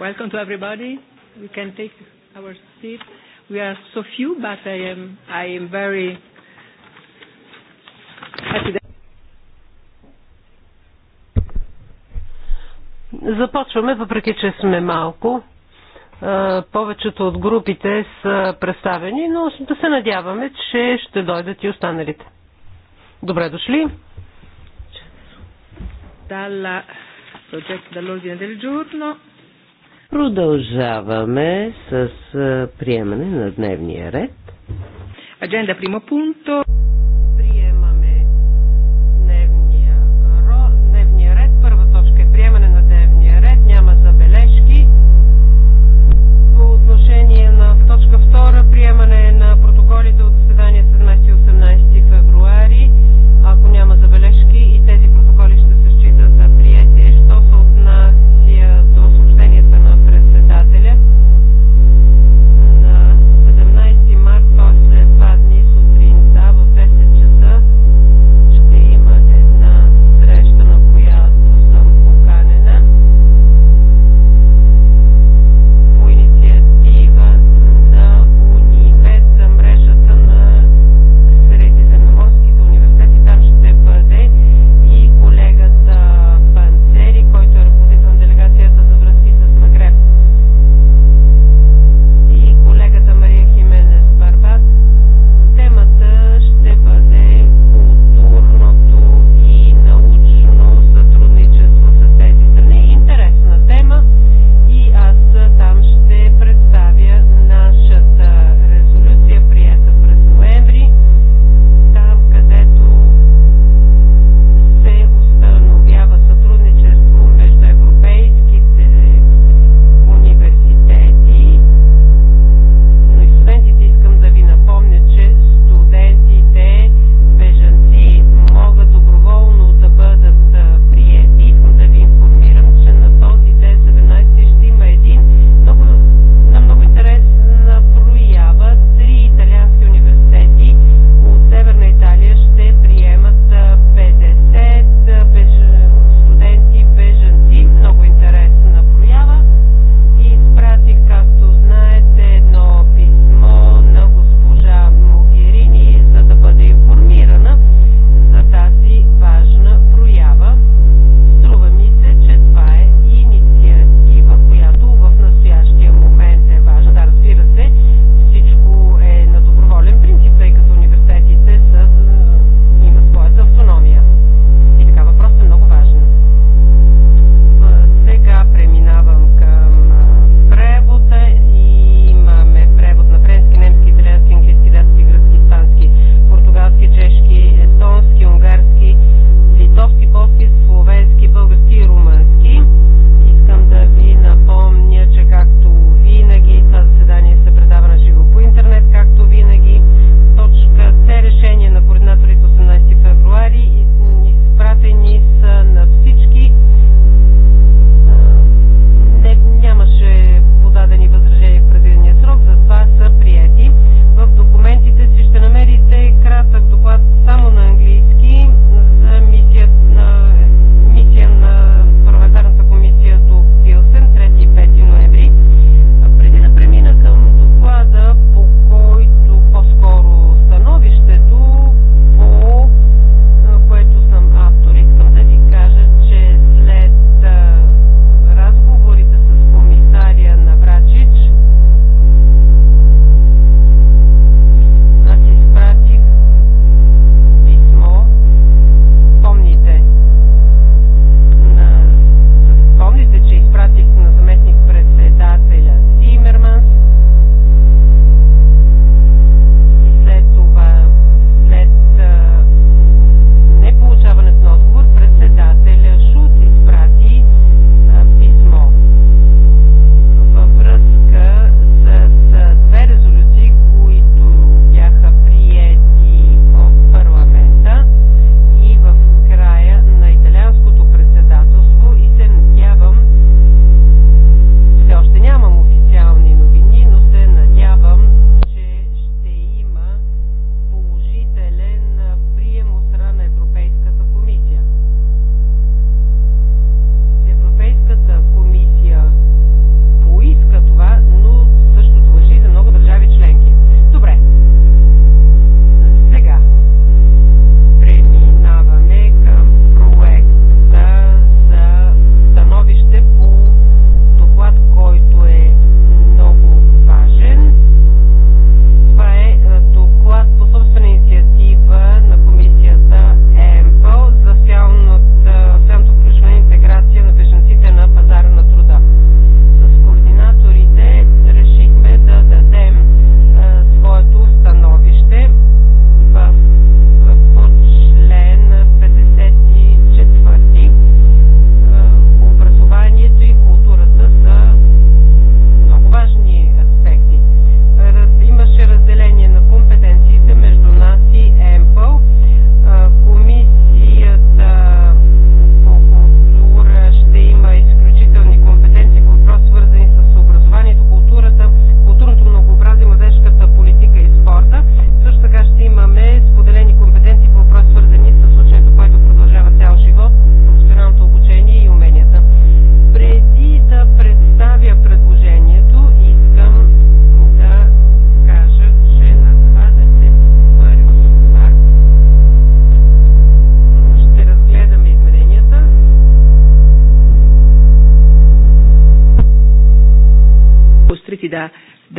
Welcome to everybody. We can take our seat. We are so few, but I am, I am very happy that Започваме, въпреки че сме малко. Е, повечето от групите са представени, но да се надяваме, че ще дойдат и останалите. Добре дошли. Dalla, progetto dall'ordine del giorno Продължаваме с приемане на дневния ред. Агенда примо punto.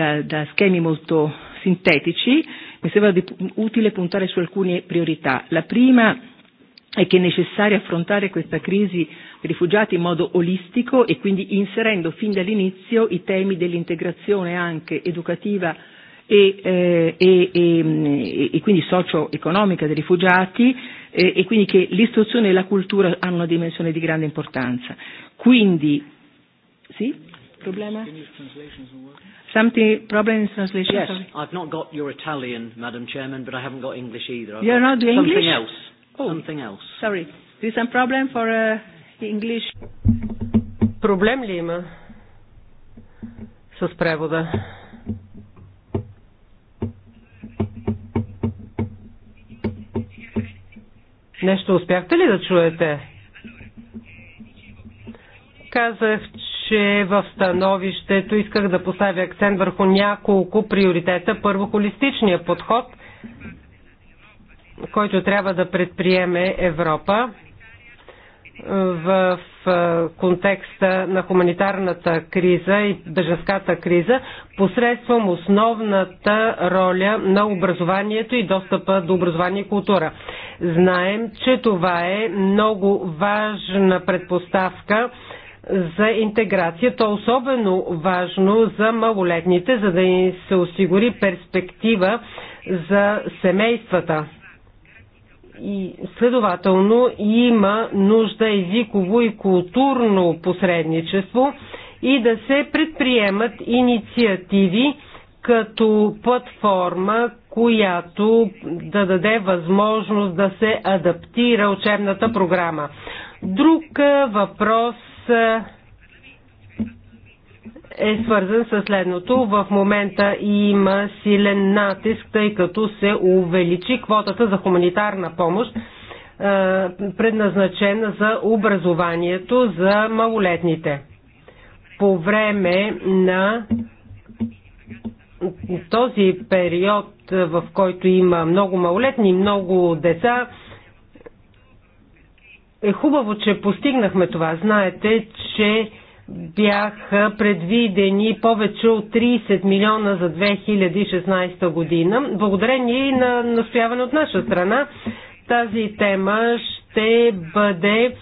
da, da schemi molto sintetici, mi sembra di, utile puntare su alcune priorità. La prima è che è necessario affrontare questa crisi rifugiati in modo olistico e quindi inserendo fin dall'inizio i temi dell'integrazione anche educativa e, eh, e, e, e quindi socio-economica dei rifugiati eh, e quindi che l'istruzione e la cultura hanno una dimensione di grande importanza. Quindi, sì? problema? Something problem in translation? Yes, sorry. I've not got your Italian, Madam Chairman, but I haven't got English either. I've You're not doing something English? Else. Oh. Something else. Sorry. There's some problem for uh, English. Проблем ли има с превода? Нещо успяхте ли да чуете? Казах, че в становището исках да поставя акцент върху няколко приоритета. Първо, холистичния подход, който трябва да предприеме Европа в контекста на хуманитарната криза и бежанската криза, посредством основната роля на образованието и достъпа до образование и култура. Знаем, че това е много важна предпоставка за интеграция. То е особено важно за малолетните, за да им се осигури перспектива за семействата. И следователно има нужда езиково и културно посредничество и да се предприемат инициативи като платформа, която да даде възможност да се адаптира учебната програма. Друг въпрос е, е свързан с следното. В момента има силен натиск, тъй като се увеличи квотата за хуманитарна помощ, е, предназначена за образованието за малолетните. По време на този период, в който има много малолетни, много деца, е хубаво, че постигнахме това. Знаете, че бяха предвидени повече от 30 милиона за 2016 година. Благодарение и на настояване от наша страна, тази тема ще бъде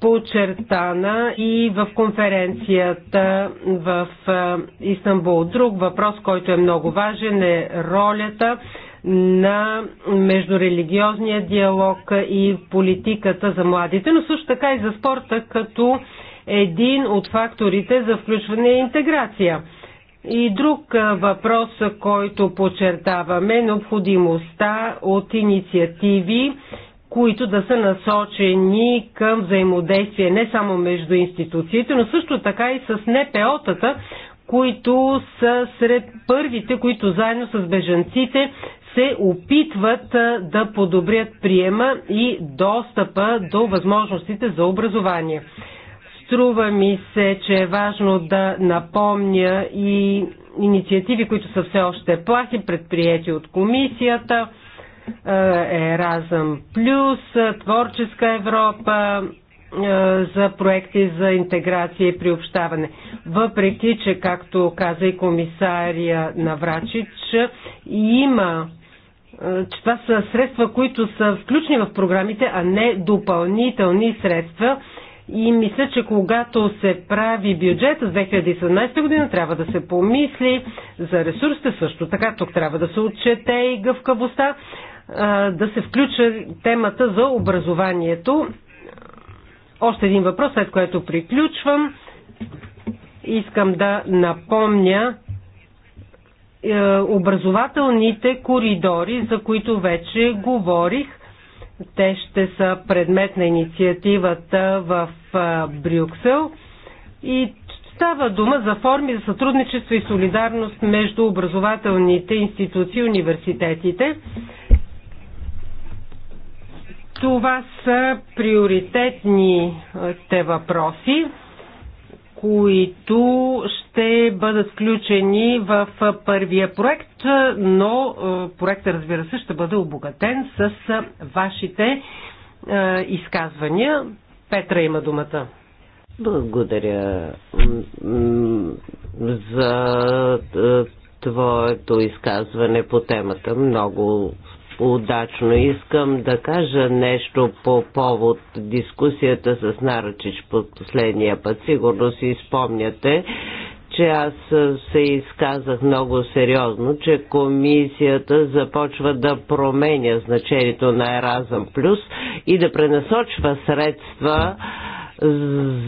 подчертана и в конференцията в е, Истанбул. Друг въпрос, който е много важен е ролята на междурелигиозния диалог и политиката за младите, но също така и за спорта като един от факторите за включване и интеграция. И друг въпрос, който подчертаваме, е необходимостта от инициативи, които да са насочени към взаимодействие не само между институциите, но също така и с НПО-тата, които са сред първите, които заедно с бежанците се опитват да подобрят приема и достъпа до възможностите за образование. Струва ми се, че е важно да напомня и инициативи, които са все още плахи, предприяти от комисията, Еразъм Плюс, Творческа Европа, за проекти за интеграция и приобщаване. Въпреки, че, както каза и комисария Наврачич, има е, че това са средства, които са включени в програмите, а не допълнителни средства. И мисля, че когато се прави бюджет за 2017 година, трябва да се помисли за ресурсите също. Така тук трябва да се отчете и гъвкавостта, е, да се включи темата за образованието. Още един въпрос, след което приключвам. Искам да напомня е, образователните коридори, за които вече говорих. Те ще са предмет на инициативата в е, Брюксел и става дума за форми за сътрудничество и солидарност между образователните институции и университетите. Това са приоритетните въпроси които ще бъдат включени в първия проект, но проектът, разбира се, ще бъде обогатен с вашите изказвания. Петра има думата. Благодаря за твоето изказване по темата. Много удачно. Искам да кажа нещо по повод дискусията с Наръчич под последния път. Сигурно си спомняте, че аз се изказах много сериозно, че комисията започва да променя значението на Еразъм Плюс и да пренасочва средства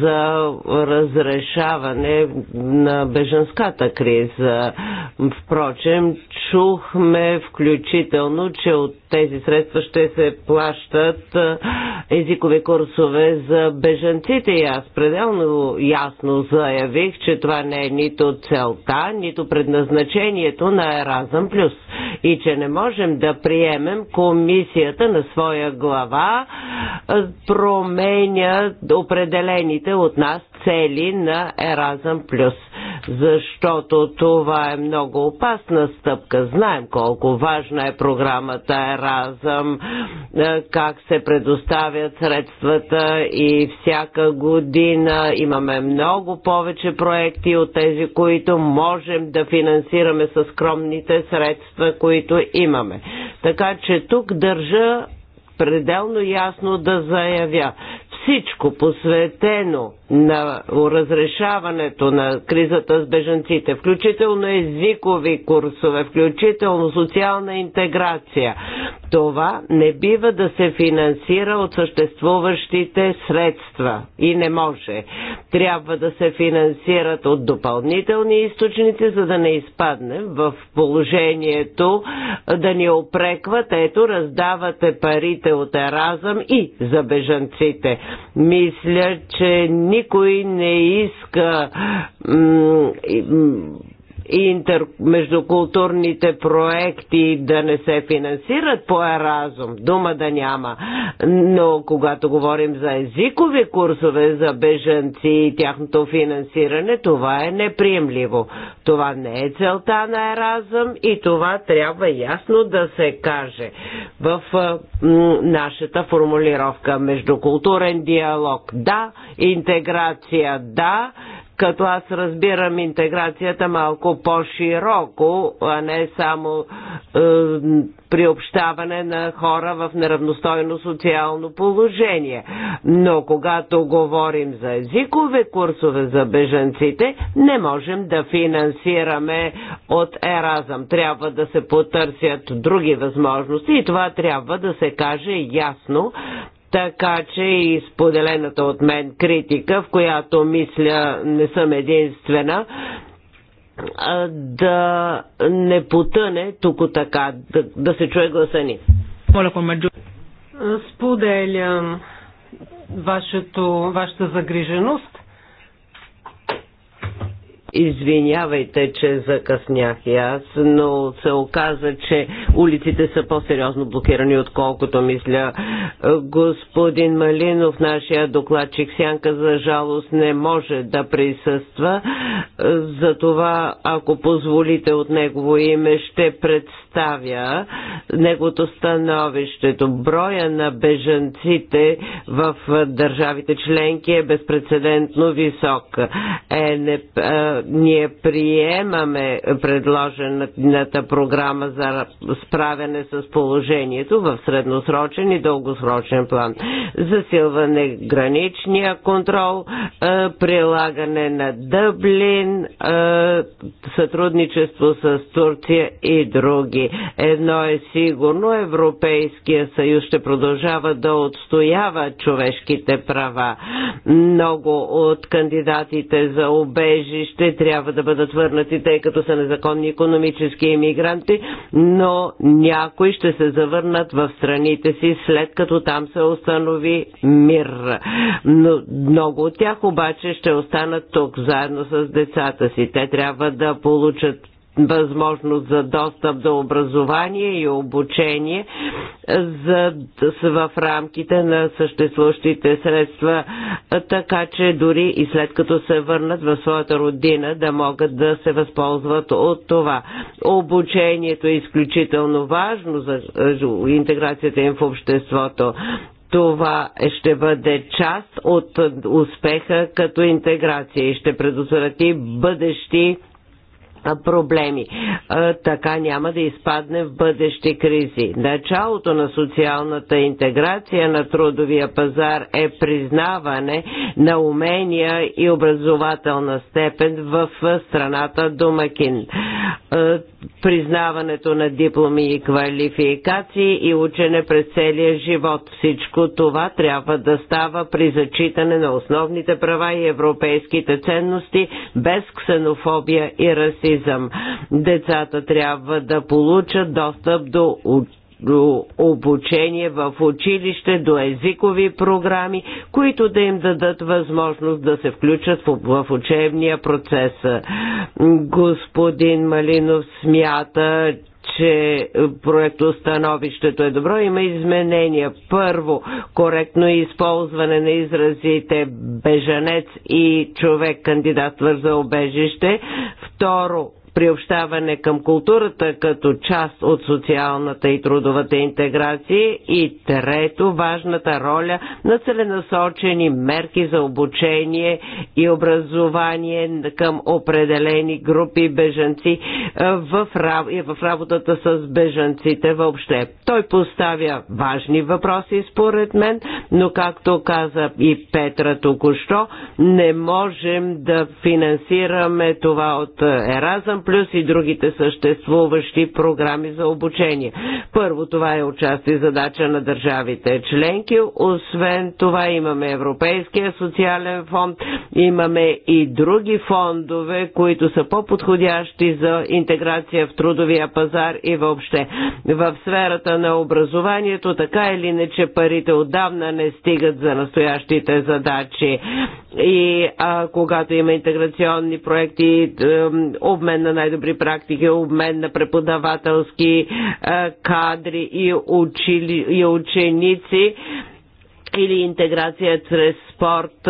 за разрешаване на беженската криза. Впрочем, чухме включително, че от тези средства ще се плащат езикови курсове за бежанците. И аз пределно ясно заявих, че това не е нито целта, нито предназначението на Еразъм Плюс. И че не можем да приемем комисията на своя глава променя определените от нас цели на Еразъм Плюс, защото това е много опасна стъпка. Знаем колко важна е програмата Еразъм, е, как се предоставят средствата и всяка година имаме много повече проекти от тези, които можем да финансираме с скромните средства, които имаме. Така че тук държа пределно ясно да заявя всичко посветено на разрешаването на кризата с бежанците, включително езикови курсове, включително социална интеграция. Това не бива да се финансира от съществуващите средства и не може. Трябва да се финансират от допълнителни източници, за да не изпаднем в положението да ни опрекват. Ето, раздавате парите от Еразъм и за бежанците. Мисля, че никой не иска интер... междукултурните проекти да не се финансират по еразум. Дума да няма. Но когато говорим за езикови курсове за бежанци и тяхното финансиране, това е неприемливо. Това не е целта на еразъм и това трябва ясно да се каже в нашата формулировка. Междукултурен диалог да, интеграция да, като аз разбирам интеграцията малко по-широко, а не само е, приобщаване на хора в неравностойно социално положение. Но когато говорим за езикове курсове за бежанците, не можем да финансираме от Еразъм. Трябва да се потърсят други възможности и това трябва да се каже ясно така че и споделената от мен критика, в която мисля не съм единствена, да не потъне тук така, да, да се чуе гласа ни. Споделям вашето, вашата загриженост. Извинявайте, че закъснях и аз, но се оказа, че улиците са по-сериозно блокирани, отколкото мисля. Господин Малинов, нашия докладчик Сянка, за жалост не може да присъства. Затова, ако позволите от негово име, ще представя негото становището. Броя на бежанците в държавите членки е безпредседентно висок. Е, не, е, ние приемаме предложената програма за справяне с положението в средносрочен и дългосрочен план. Засилване граничния контрол, е, прилагане на Дъблин, е, сътрудничество с Турция и други. Едно е сигурно, Европейския съюз ще продължава да отстоява човешките права. Много от кандидатите за убежище трябва да бъдат върнати, тъй като са незаконни економически иммигранти, но някои ще се завърнат в страните си след като там се установи мир. Но много от тях обаче ще останат тук заедно с децата си. Те трябва да получат възможност за достъп до образование и обучение за, в рамките на съществуващите средства, така че дори и след като се върнат в своята родина да могат да се възползват от това. Обучението е изключително важно за интеграцията им в обществото това ще бъде част от успеха като интеграция и ще предотврати бъдещи проблеми. Така няма да изпадне в бъдещи кризи. Началото на социалната интеграция на трудовия пазар е признаване на умения и образователна степен в страната Домакин. Признаването на дипломи и квалификации и учене през целия живот. Всичко това трябва да става при зачитане на основните права и европейските ценности без ксенофобия и расизъм механизъм. Децата трябва да получат достъп до до обучение в училище, до езикови програми, които да им дадат възможност да се включат в, в учебния процес. Господин Малинов смята, че е, проектостановището е добро. Има изменения. Първо, коректно използване на изразите бежанец и човек кандидат за обежище. Второ, приобщаване към културата като част от социалната и трудовата интеграция и трето важната роля на целенасочени мерки за обучение и образование към определени групи бежанци е, в, е, в работата с бежанците въобще. Той поставя важни въпроси според мен, но както каза и Петра току-що, не можем да финансираме това от Еразъм плюс и другите съществуващи програми за обучение. Първо, това е участие задача на държавите членки. Освен това имаме Европейския социален фонд, имаме и други фондове, които са по-подходящи за интеграция в трудовия пазар и въобще. В сферата на образованието така или иначе парите отдавна не стигат за настоящите задачи. И а, когато има интеграционни проекти, обмен на на най-добри практики, обмен на преподавателски кадри и, учили, и ученици или интеграция чрез спорт,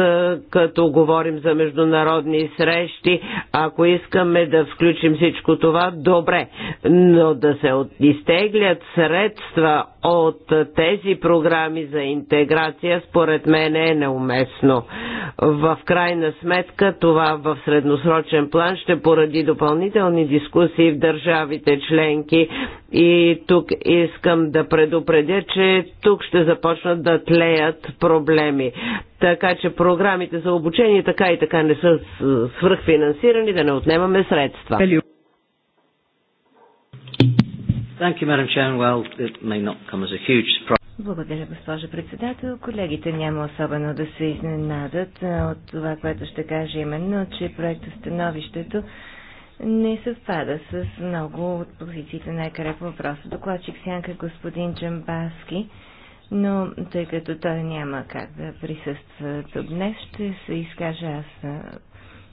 като говорим за международни срещи. Ако искаме да включим всичко това, добре, но да се изтеглят средства от тези програми за интеграция, според мен е неуместно. В крайна сметка това в средносрочен план ще поради допълнителни дискусии в държавите членки и тук искам да предупредя, че тук ще започнат да тлеят имат проблеми. Така че програмите за обучение така и така не са свръхфинансирани, да не отнемаме средства. Благодаря, госпожа председател. Колегите няма особено да се изненадат от това, което ще кажа именно, че становището не съвпада с много от позициите на ЕКР по въпроса. Докладчик Сянка господин Джамбаски но тъй като той няма как да присъства тук днес, ще се изкажа аз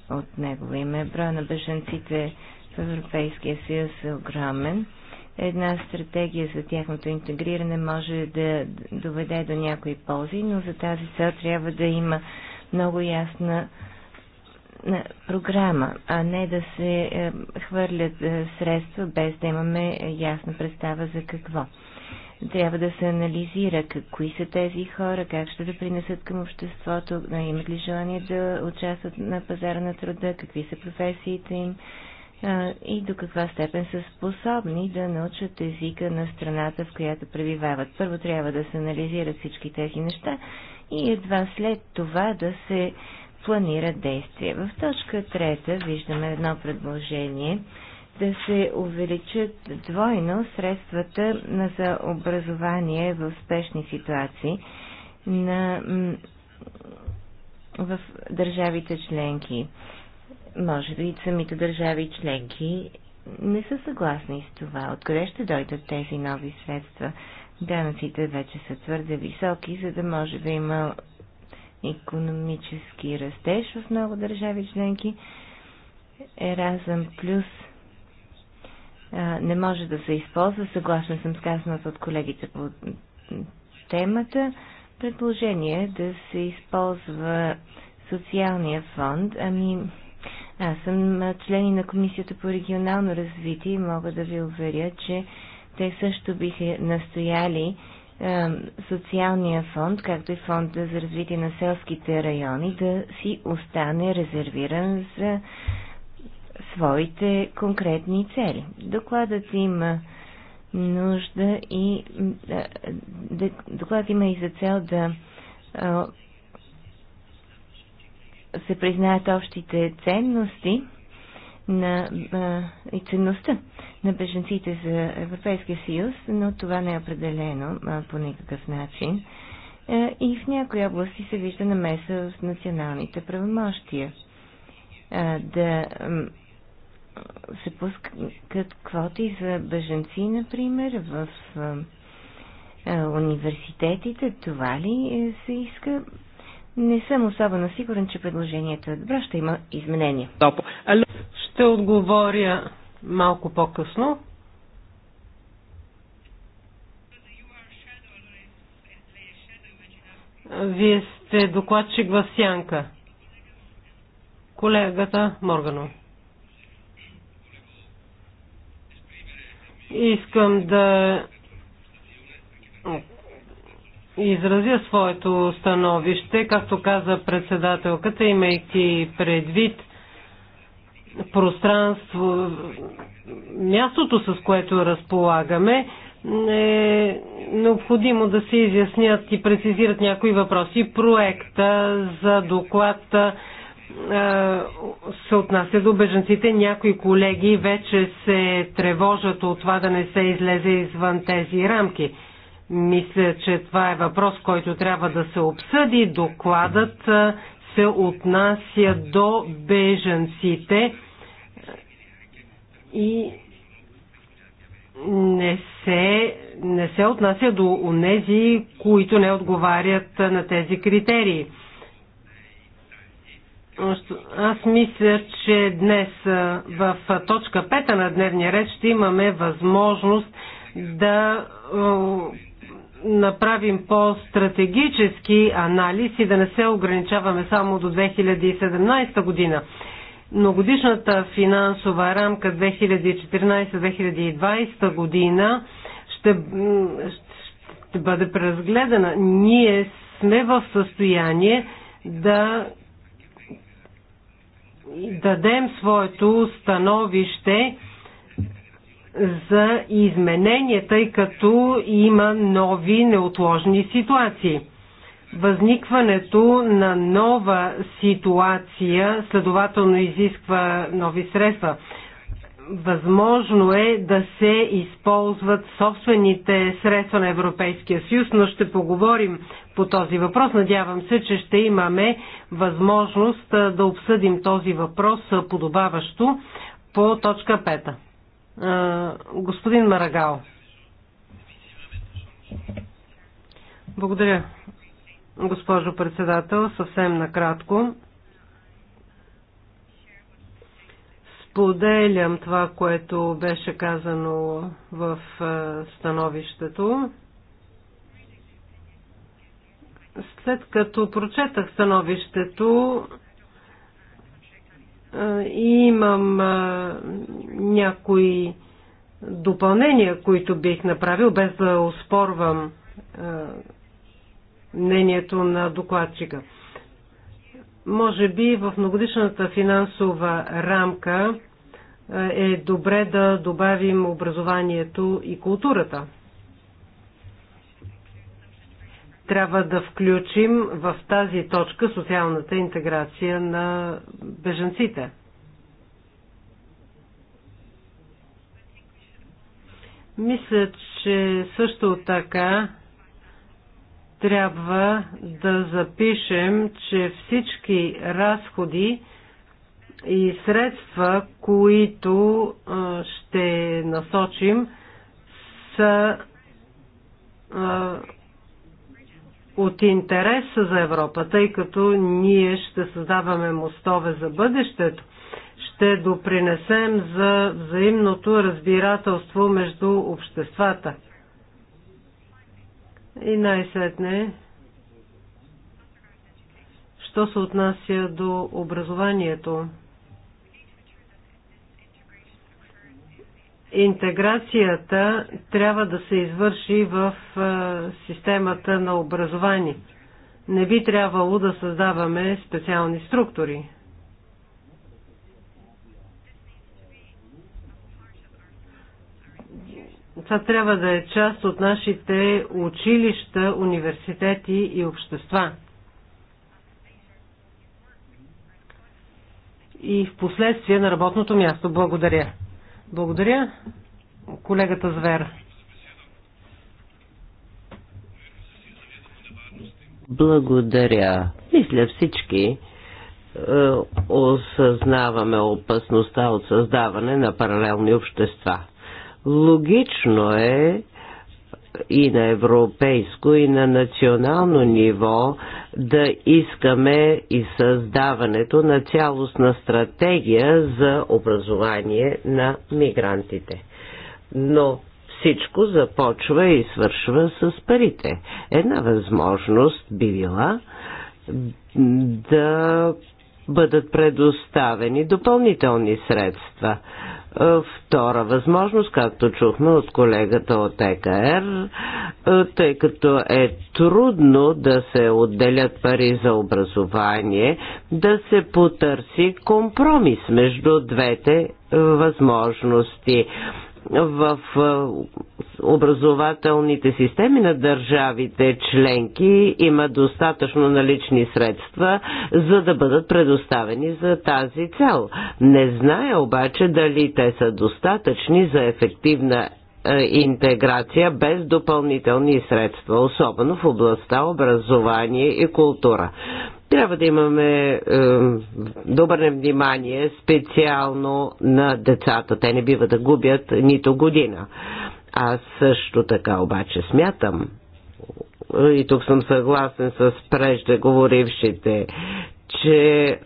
от него име. Броя на беженците в Европейския съюз е огромен. Една стратегия за тяхното интегриране може да доведе до някои ползи, но за тази цел трябва да има много ясна програма, а не да се е, хвърлят е, средства без да имаме ясна представа за какво трябва да се анализира кои са тези хора, как ще да принесат към обществото, имат ли желание да участват на пазара на труда, какви са професиите им и до каква степен са способни да научат езика на страната, в която пребивават. Първо трябва да се анализират всички тези неща и едва след това да се планират действия. В точка трета виждаме едно предложение – да се увеличат двойно средствата за образование в спешни ситуации на, в държавите членки. Може би самите държави членки не са съгласни с това. Откъде ще дойдат тези нови средства? Данъците вече са твърде високи, за да може да има економически растеж в много държави членки. Еразъм плюс – не може да се използва. Съгласна съм с казаната от колегите по темата. Предложение е да се използва социалния фонд. Ами, аз съм член на Комисията по регионално развитие и мога да ви уверя, че те също биха настояли социалния фонд, както и фонда за развитие на селските райони, да си остане резервиран за своите конкретни цели. Докладът има нужда и докладът има и за цел да се признаят общите ценности на, а, и ценността на беженците за Европейския съюз, но това не е определено а, по никакъв начин. А, и в някои области се вижда намеса в националните правомощия. да се пускат квоти за беженци, например, в университетите. Това ли е, се иска? Не съм особено сигурен, че предложението е добро. Ще има изменения. Ще отговоря малко по-късно. Вие сте докладчик в Сянка. Колегата Морганов. Искам да изразя своето становище, както каза председателката, имайки предвид пространство, мястото с което разполагаме, е необходимо да се изяснят и прецизират някои въпроси. Проекта за доклад е, се отнася до беженците. Някои колеги вече се тревожат от това да не се излезе извън тези рамки. Мисля, че това е въпрос, който трябва да се обсъди. Докладът е, се отнася до беженците и не се, не се отнася до онези, които не отговарят на тези критерии. Аз мисля, че днес в точка 5 на дневния ред ще имаме възможност да направим по-стратегически анализ и да не се ограничаваме само до 2017 година. Но годишната финансова рамка 2014-2020 година ще, ще бъде преразгледана. Ние сме в състояние да дадем своето становище за изменения, тъй като има нови неотложни ситуации. Възникването на нова ситуация следователно изисква нови средства възможно е да се използват собствените средства на Европейския съюз, но ще поговорим по този въпрос. Надявам се, че ще имаме възможност да обсъдим този въпрос подобаващо по точка 5. Господин Марагал. Благодаря, госпожо председател. Съвсем накратко. Споделям това, което беше казано в е, становището. След като прочетах становището, е, имам е, някои допълнения, които бих направил, без да оспорвам мнението на докладчика. Може би в многодишната финансова рамка е добре да добавим образованието и културата. Трябва да включим в тази точка социалната интеграция на беженците. Мисля, че също така трябва да запишем, че всички разходи и средства, които ще насочим, са от интерес за Европа, тъй като ние ще създаваме мостове за бъдещето, ще допринесем за взаимното разбирателство между обществата. И най-сетне, що се отнася до образованието. Интеграцията трябва да се извърши в системата на образование. Не би трябвало да създаваме специални структури. Това трябва да е част от нашите училища, университети и общества. И в последствие на работното място. Благодаря. Благодаря. Колегата Звер. Благодаря. Мисля всички е, осъзнаваме опасността от създаване на паралелни общества. Логично е и на европейско, и на национално ниво да искаме и създаването на цялостна стратегия за образование на мигрантите. Но всичко започва и свършва с парите. Една възможност би била да бъдат предоставени допълнителни средства. Е, втора възможност, както чухме от колегата от ЕКР, е, тъй като е трудно да се отделят пари за образование, да се потърси компромис между двете е, възможности в образователните системи на държавите членки има достатъчно налични средства, за да бъдат предоставени за тази цел. Не зная обаче дали те са достатъчни за ефективна е, интеграция без допълнителни средства, особено в областта образование и култура. Трябва да имаме е, да обърнем внимание специално на децата. Те не бива да губят нито година. Аз също така обаче смятам, и тук съм съгласен с преждеговорившите, че е,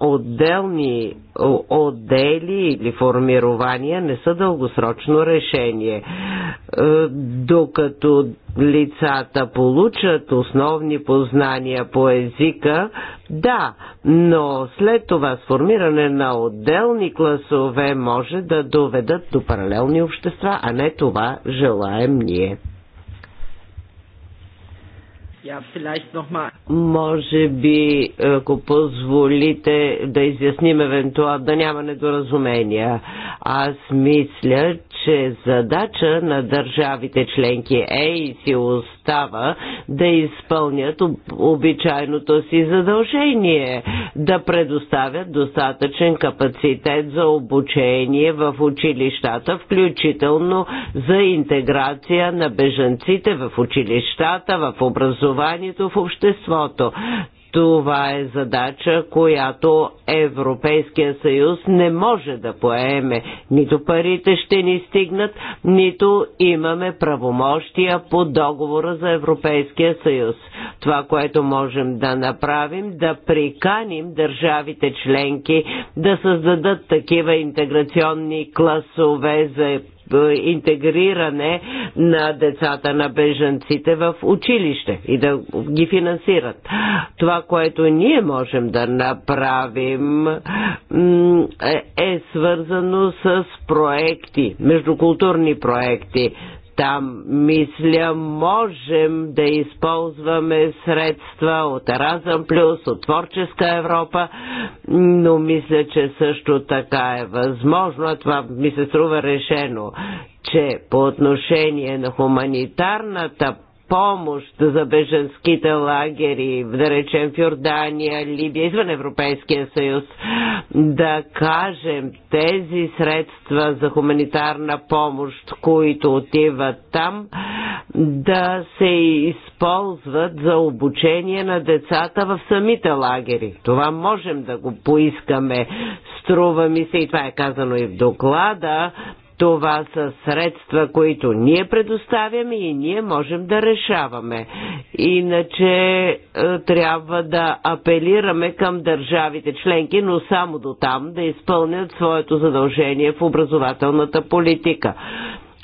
отделни е, отдели или формирования не са дългосрочно решение. Е, докато лицата получат основни познания по езика, да, но след това сформиране на отделни класове може да доведат до паралелни общества, а не това желаем ние. Може би, ако позволите да изясним евентуално да няма недоразумения. Аз мисля, че задача на държавите членки е и си остава да изпълнят обичайното си задължение, да предоставят достатъчен капацитет за обучение в училищата, включително за интеграция на бежанците в училищата, в образованието, в обществото. Това е задача, която Европейския съюз не може да поеме. Нито парите ще ни стигнат, нито имаме правомощия по договора за Европейския съюз. Това, което можем да направим, да приканим държавите членки да създадат такива интеграционни класове за интегриране на децата на бежанците в училище и да ги финансират. Това, което ние можем да направим е, е свързано с проекти, междукултурни проекти, там, мисля, можем да използваме средства от Разъм Плюс, от Творческа Европа, но мисля, че също така е възможно, а това ми се струва решено, че по отношение на хуманитарната помощ за беженските лагери, да речем в Йордания, Либия, извън Европейския съюз, да кажем тези средства за хуманитарна помощ, които отиват там, да се използват за обучение на децата в самите лагери. Това можем да го поискаме. Струва ми се, и това е казано и в доклада, това са средства, които ние предоставяме и ние можем да решаваме. Иначе е, трябва да апелираме към държавите членки, но само до там да изпълнят своето задължение в образователната политика.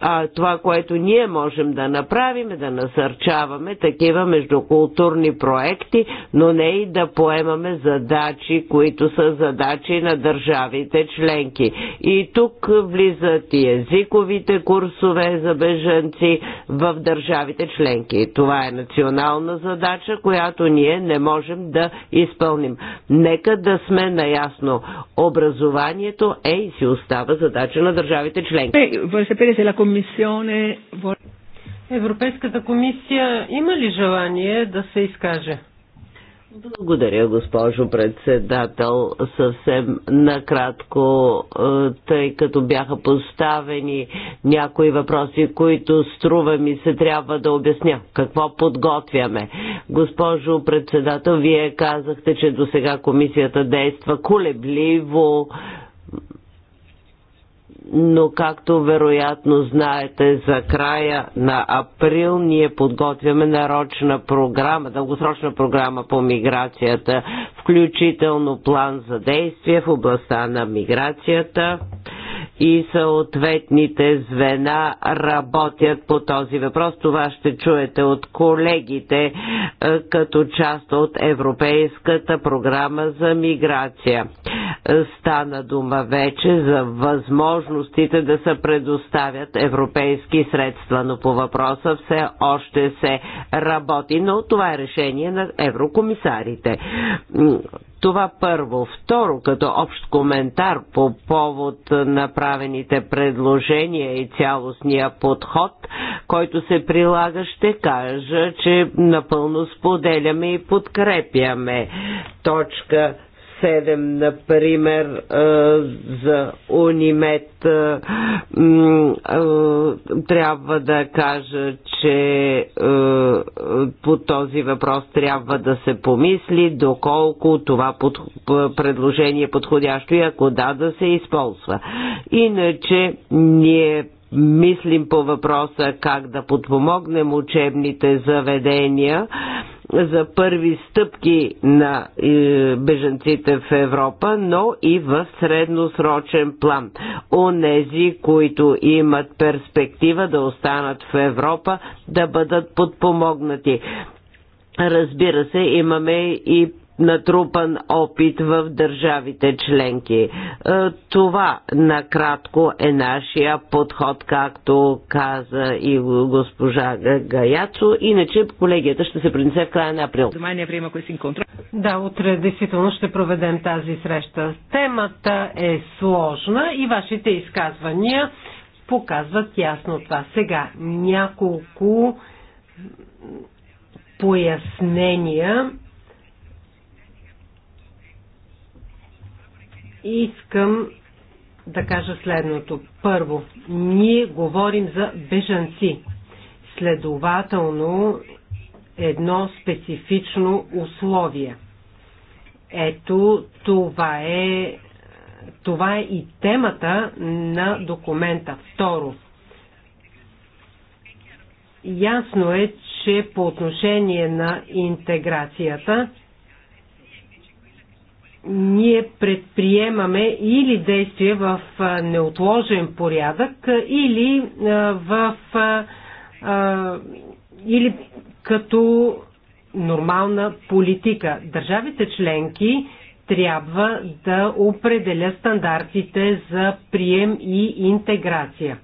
А това, което ние можем да направим е да насърчаваме такива междукултурни проекти, но не и да поемаме задачи, които са задачи на държавите членки. И тук влизат и езиковите курсове за бежанци в държавите членки. Това е национална задача, която ние не можем да изпълним. Нека да сме наясно. Образованието е и си остава задача на държавите членки. Европейската комисия има ли желание да се изкаже? Благодаря, госпожо председател. Съвсем накратко, е, тъй като бяха поставени някои въпроси, които струва ми се трябва да обясня. Какво подготвяме? Госпожо председател, вие казахте, че до сега комисията действа колебливо, но както вероятно знаете, за края на април ние подготвяме нарочна програма, дългосрочна програма по миграцията, включително план за действие в областта на миграцията и съответните звена работят по този въпрос. Това ще чуете от колегите е, като част от Европейската програма за миграция. Стана дума вече за възможностите да се предоставят европейски средства, но по въпроса все още се работи, но това е решение на еврокомисарите. Това първо. Второ, като общ коментар по повод направените предложения и цялостния подход, който се прилага, ще кажа, че напълно споделяме и подкрепяме точка 7, например, за Унимет, трябва да кажа, че по този въпрос трябва да се помисли доколко това под, предложение е подходящо и ако да, да се използва. Иначе ние мислим по въпроса как да подпомогнем учебните заведения за първи стъпки на е, бежанците в Европа, но и в средносрочен план. Онези, които имат перспектива да останат в Европа, да бъдат подпомогнати. Разбира се, имаме и натрупан опит в държавите членки. Е, това накратко е нашия подход, както каза и госпожа Гаяцо. Иначе колегията ще се принесе в края на април. Да, утре действително ще проведем тази среща. Темата е сложна и вашите изказвания показват ясно това. Сега няколко пояснения искам да кажа следното. Първо, ние говорим за бежанци. Следователно, едно специфично условие. Ето, това е, това е и темата на документа. Второ, ясно е, че по отношение на интеграцията, ние предприемаме или действие в неотложен порядък, или в или като нормална политика. Държавите членки трябва да определя стандартите за прием и интеграция.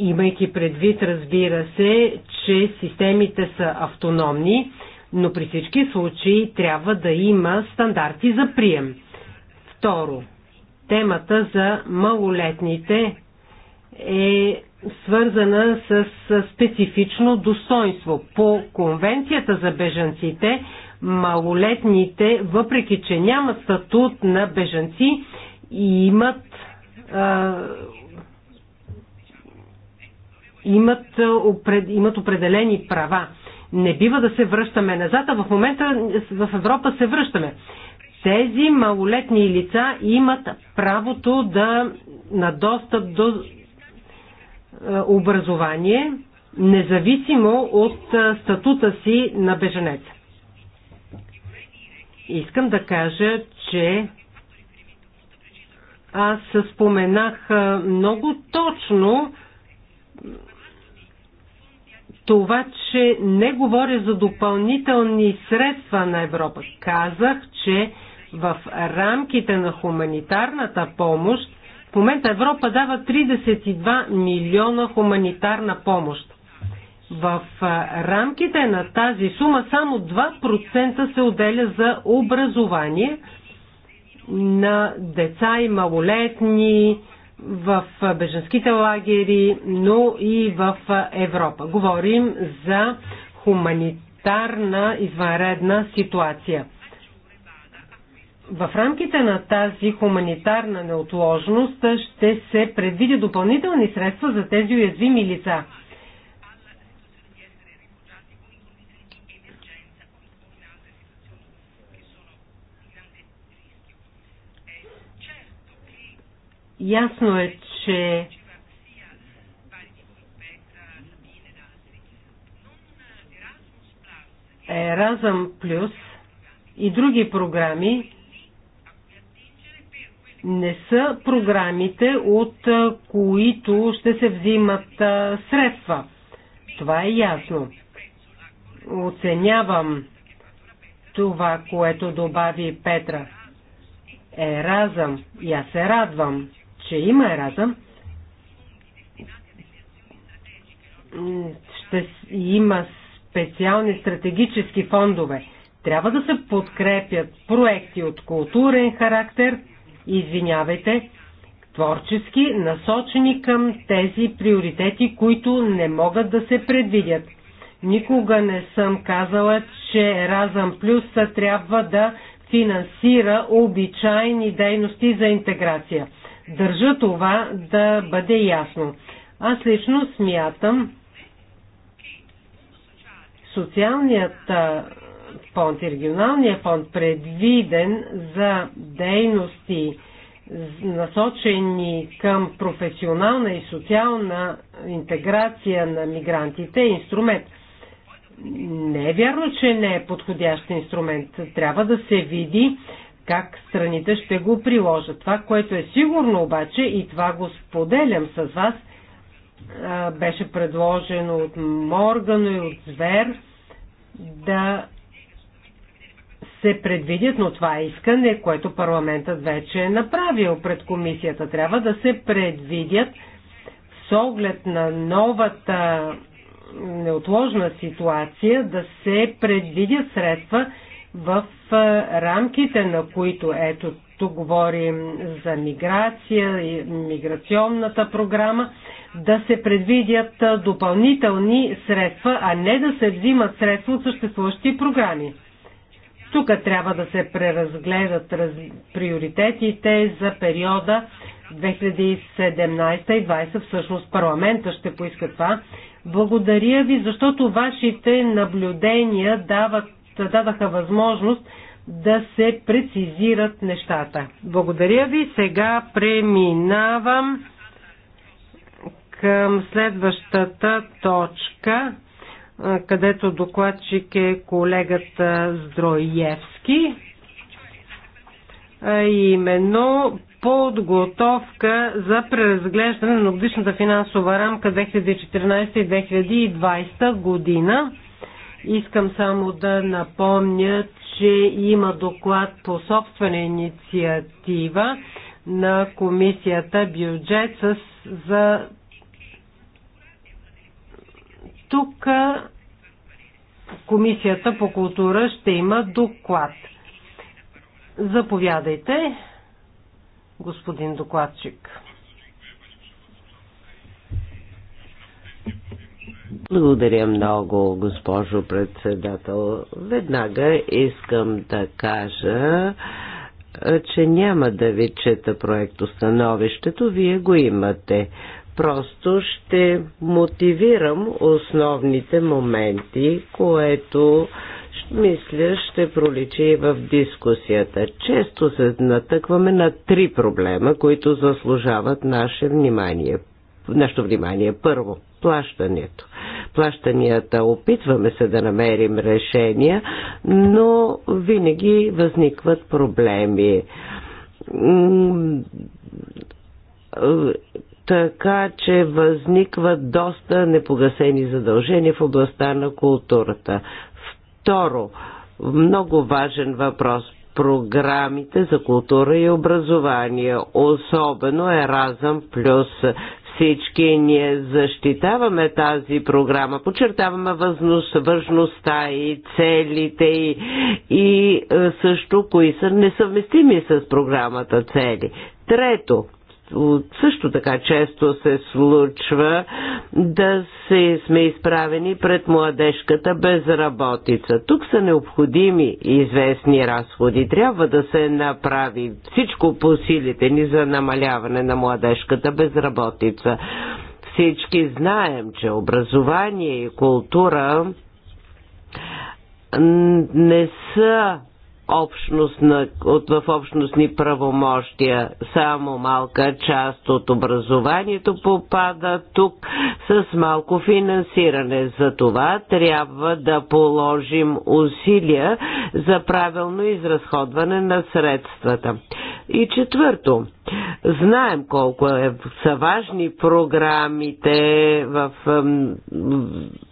имайки предвид, разбира се, че системите са автономни, но при всички случаи трябва да има стандарти за прием. Второ, темата за малолетните е свързана с специфично достоинство. По конвенцията за бежанците, малолетните, въпреки че нямат статут на бежанци, имат имат, имат определени права. Не бива да се връщаме назад, а в момента в Европа се връщаме. Тези малолетни лица имат правото да на достъп до образование, независимо от статута си на беженец. Искам да кажа, че аз споменах много точно това, че не говоря за допълнителни средства на Европа. Казах, че в рамките на хуманитарната помощ в момента Европа дава 32 милиона хуманитарна помощ. В рамките на тази сума само 2% се отделя за образование на деца и малолетни, в беженските лагери, но и в Европа. Говорим за хуманитарна извънредна ситуация. В рамките на тази хуманитарна неотложност ще се предвиди допълнителни средства за тези уязвими лица – Ясно е, че Еразъм Плюс и други програми не са програмите, от които ще се взимат средства. Това е ясно. Оценявам това, което добави Петра. Еразъм и аз се радвам, че има ераза, ще има специални стратегически фондове. Трябва да се подкрепят проекти от културен характер, извинявайте, творчески, насочени към тези приоритети, които не могат да се предвидят. Никога не съм казала, че Разъм Плюс трябва да финансира обичайни дейности за интеграция – Държа това да бъде ясно. Аз лично смятам социалният фонд и регионалния фонд предвиден за дейности насочени към професионална и социална интеграция на мигрантите е инструмент. Не е вярно, че не е подходящ инструмент. Трябва да се види как страните ще го приложат. Това, което е сигурно обаче, и това го споделям с вас, беше предложено от Моргано и от Звер да се предвидят, но това е искане, което парламентът вече е направил пред комисията. Трябва да се предвидят с оглед на новата неотложна ситуация да се предвидят средства в рамките на които ето тук говорим за миграция и миграционната програма, да се предвидят допълнителни средства, а не да се взимат средства от съществуващи програми. Тук трябва да се преразгледат раз... приоритетите за периода 2017 и 2020. Всъщност парламента ще поиска това. Благодаря ви, защото вашите наблюдения дават дадаха възможност да се прецизират нещата. Благодаря ви. Сега преминавам към следващата точка, където докладчик е колегата Здроевски. а Именно подготовка за преразглеждане на годишната финансова рамка 2014 2020 година. Искам само да напомня, че има доклад по собствена инициатива на комисията бюджет с, за тук комисията по култура ще има доклад. Заповядайте, господин докладчик. Благодаря много, госпожо председател. Веднага искам да кажа, че няма да ви чета проектостановището, вие го имате. Просто ще мотивирам основните моменти, което мисля ще проличи и в дискусията. Често се натъкваме на три проблема, които заслужават наше внимание. Нашето внимание. Първо, плащането. Плащанията опитваме се да намерим решения, но винаги възникват проблеми. Така че възникват доста непогасени задължения в областта на културата. Второ, много важен въпрос програмите за култура и образование, особено Еразъм плюс всички ние защитаваме тази програма, подчертаваме важността и целите и, и е, също кои са несъвместими с програмата цели. Трето, също така често се случва да се сме изправени пред младежката безработица. Тук са необходими известни разходи. Трябва да се направи всичко по силите ни за намаляване на младежката безработица. Всички знаем, че образование и култура не са общностна, от, в общностни правомощия. Само малка част от образованието попада тук с малко финансиране. За това трябва да положим усилия за правилно изразходване на средствата. И четвърто, Знаем колко е, са важни програмите в,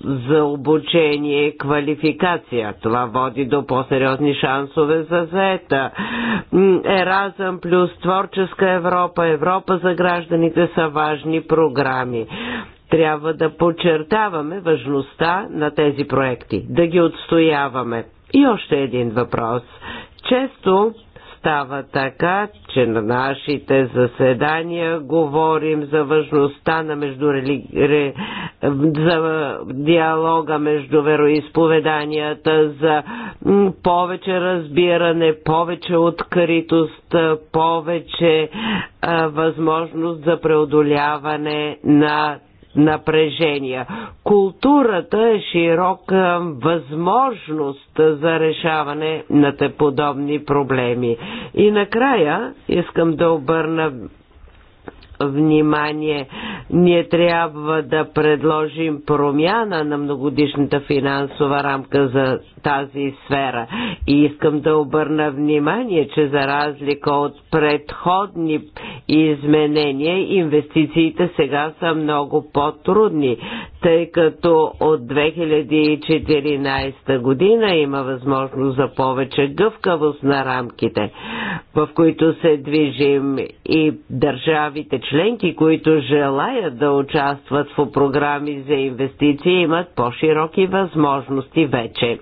за обучение и квалификация. Това води до по-сериозни шансове за заета. Еразъм плюс Творческа Европа, Европа за гражданите са важни програми трябва да подчертаваме важността на тези проекти, да ги отстояваме. И още един въпрос. Често става така, че на нашите заседания говорим за важността на междурели... за диалога между вероисповеданията, за повече разбиране, повече откритост, повече а, възможност за преодоляване на напрежения. Културата е широка възможност за решаване на подобни проблеми. И накрая искам да обърна внимание. Ние трябва да предложим промяна на многодишната финансова рамка за тази сфера. И искам да обърна внимание, че за разлика от предходни изменения, инвестициите сега са много по-трудни тъй като от 2014 година има възможност за повече гъвкавост на рамките, в които се движим и държавите членки, които желаят да участват в програми за инвестиции, имат по-широки възможности вече.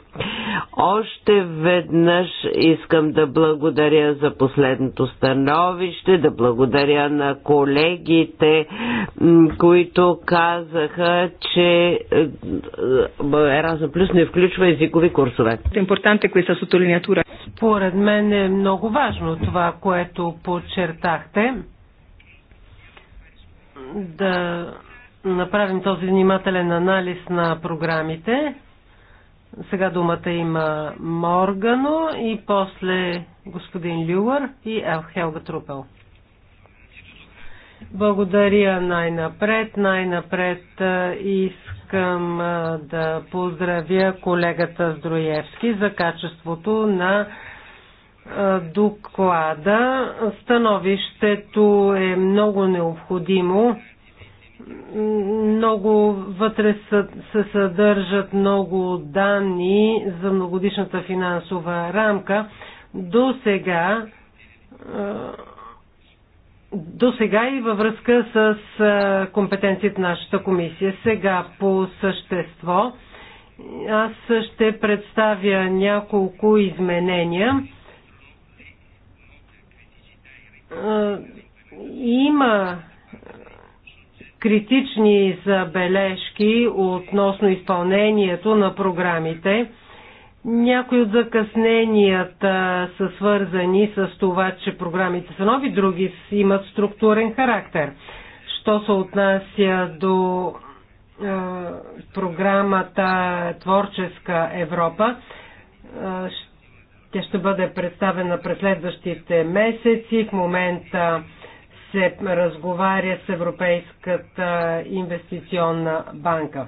Още веднъж искам да благодаря за последното становище, да благодаря на колегите, които казаха, че че е, е, Еразъм Плюс не включва езикови курсове. Е Според мен е много важно това, което подчертахте. Да направим този внимателен анализ на програмите. Сега думата има Моргано и после господин Люър и Елхелга Трупел. Благодаря най-напред. Най-напред искам да поздравя колегата Здроевски за качеството на доклада. Становището е много необходимо. Много вътре се съдържат много данни за многодишната финансова рамка. До сега до сега и във връзка с компетенциите на нашата комисия. Сега по същество аз ще представя няколко изменения. Има критични забележки относно изпълнението на програмите – някои от закъсненията са свързани с това, че програмите са нови, други имат структурен характер. Що се отнася до е, програмата Творческа Европа, е, тя ще бъде представена през следващите месеци. В момента се разговаря с Европейската инвестиционна банка.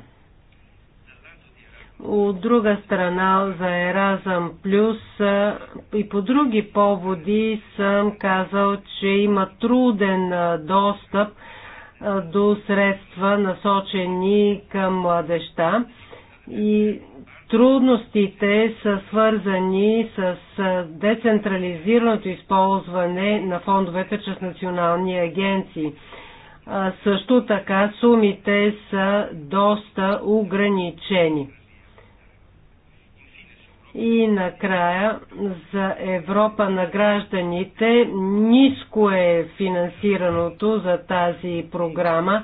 От друга страна за Еразъм Плюс и по други поводи съм казал, че има труден достъп до средства насочени към младеща и трудностите са свързани с децентрализираното използване на фондовете чрез национални агенции. Също така сумите са доста ограничени. И накрая за Европа на гражданите ниско е финансираното за тази програма,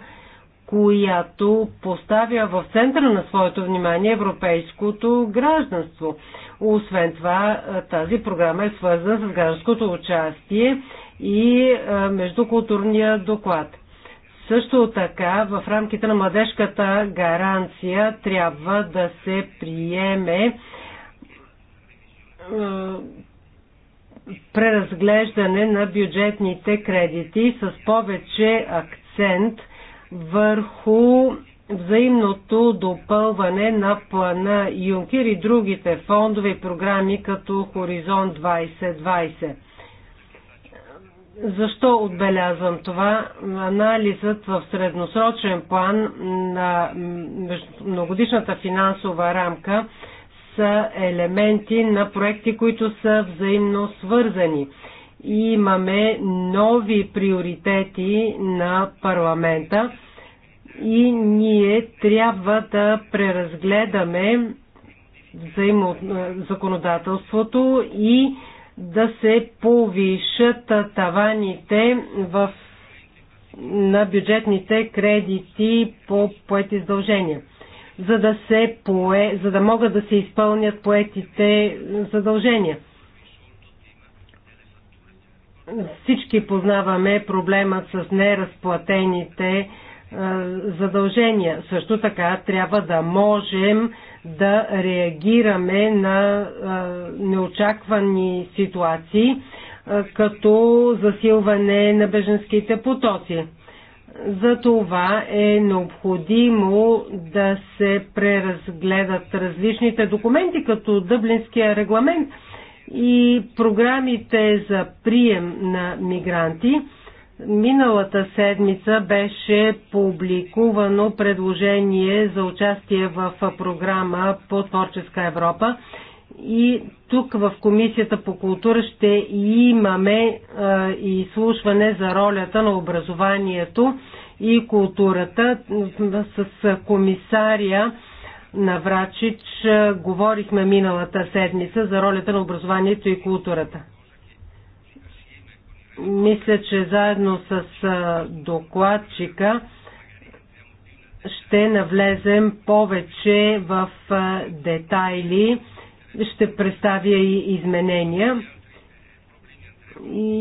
която поставя в центъра на своето внимание европейското гражданство. Освен това, тази програма е свързана с гражданското участие и междукултурния доклад. Също така, в рамките на младежката гаранция трябва да се приеме е, преразглеждане на бюджетните кредити с повече акцент върху взаимното допълване на плана Юнкер и другите фондове и програми като Хоризонт 2020. Защо отбелязвам това? Анализът в средносрочен план на многодишната финансова рамка са елементи на проекти, които са взаимно свързани. И имаме нови приоритети на парламента и ние трябва да преразгледаме взаимо... законодателството и да се повишат таваните в на бюджетните кредити по поети издължения за да, се пое, за да могат да се изпълнят поетите задължения. Всички познаваме проблема с неразплатените задължения. Също така трябва да можем да реагираме на неочаквани ситуации, като засилване на беженските потоци. За това е необходимо да се преразгледат различните документи, като Дъблинския регламент и програмите за прием на мигранти. Миналата седмица беше публикувано предложение за участие в програма по Творческа Европа и тук в Комисията по култура ще имаме и изслушване за ролята на образованието и културата с комисария Врачич Говорихме миналата седмица за ролята на образованието и културата. Мисля, че заедно с докладчика ще навлезем повече в детайли ще представя и изменения.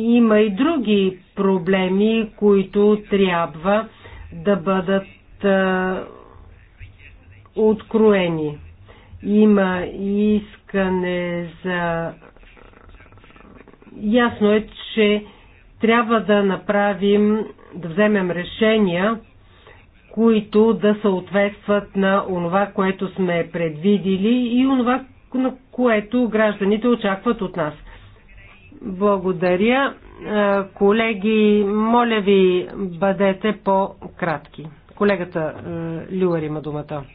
Има и други проблеми, които трябва да бъдат откроени. Има искане за. Ясно е, че трябва да направим, да вземем решения, които да съответстват на онова, което сме предвидили и онова, на което гражданите очакват от нас. Благодаря. Колеги, моля ви, бъдете по-кратки. Колегата Люер има думата.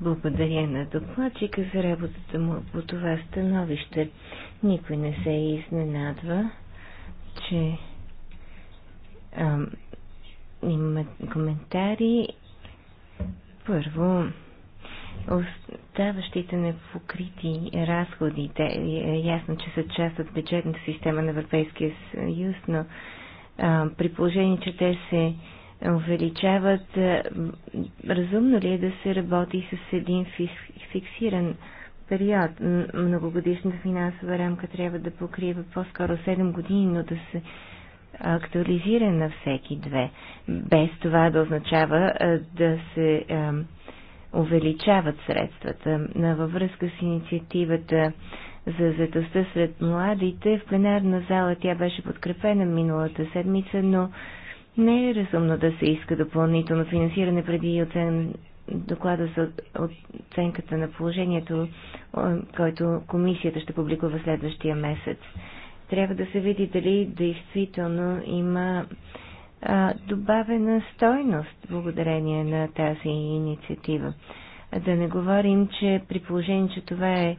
Благодаря на докладчика за работата му по това становище. Никой не се изненадва, че ам, имаме коментари. Първо, оставащите непокрити разходи. Те е ясно, че са част от бюджетната система на Европейския съюз, но а, при положение, че те се увеличават, а, разумно ли е да се работи с един фиксиран период? Многогодишната финансова рамка трябва да покрива по-скоро 7 години, но да се актуализира на всеки две, без това да означава а, да се а, увеличават средствата. на Във връзка с инициативата за заедостта сред младите, в пленарна зала тя беше подкрепена миналата седмица, но не е разумно да се иска допълнително финансиране преди оцен... доклада за оценката на положението, който комисията ще публикува следващия месец. Трябва да се види дали действително има а, добавена стойност благодарение на тази инициатива. Да не говорим, че при положение, че това е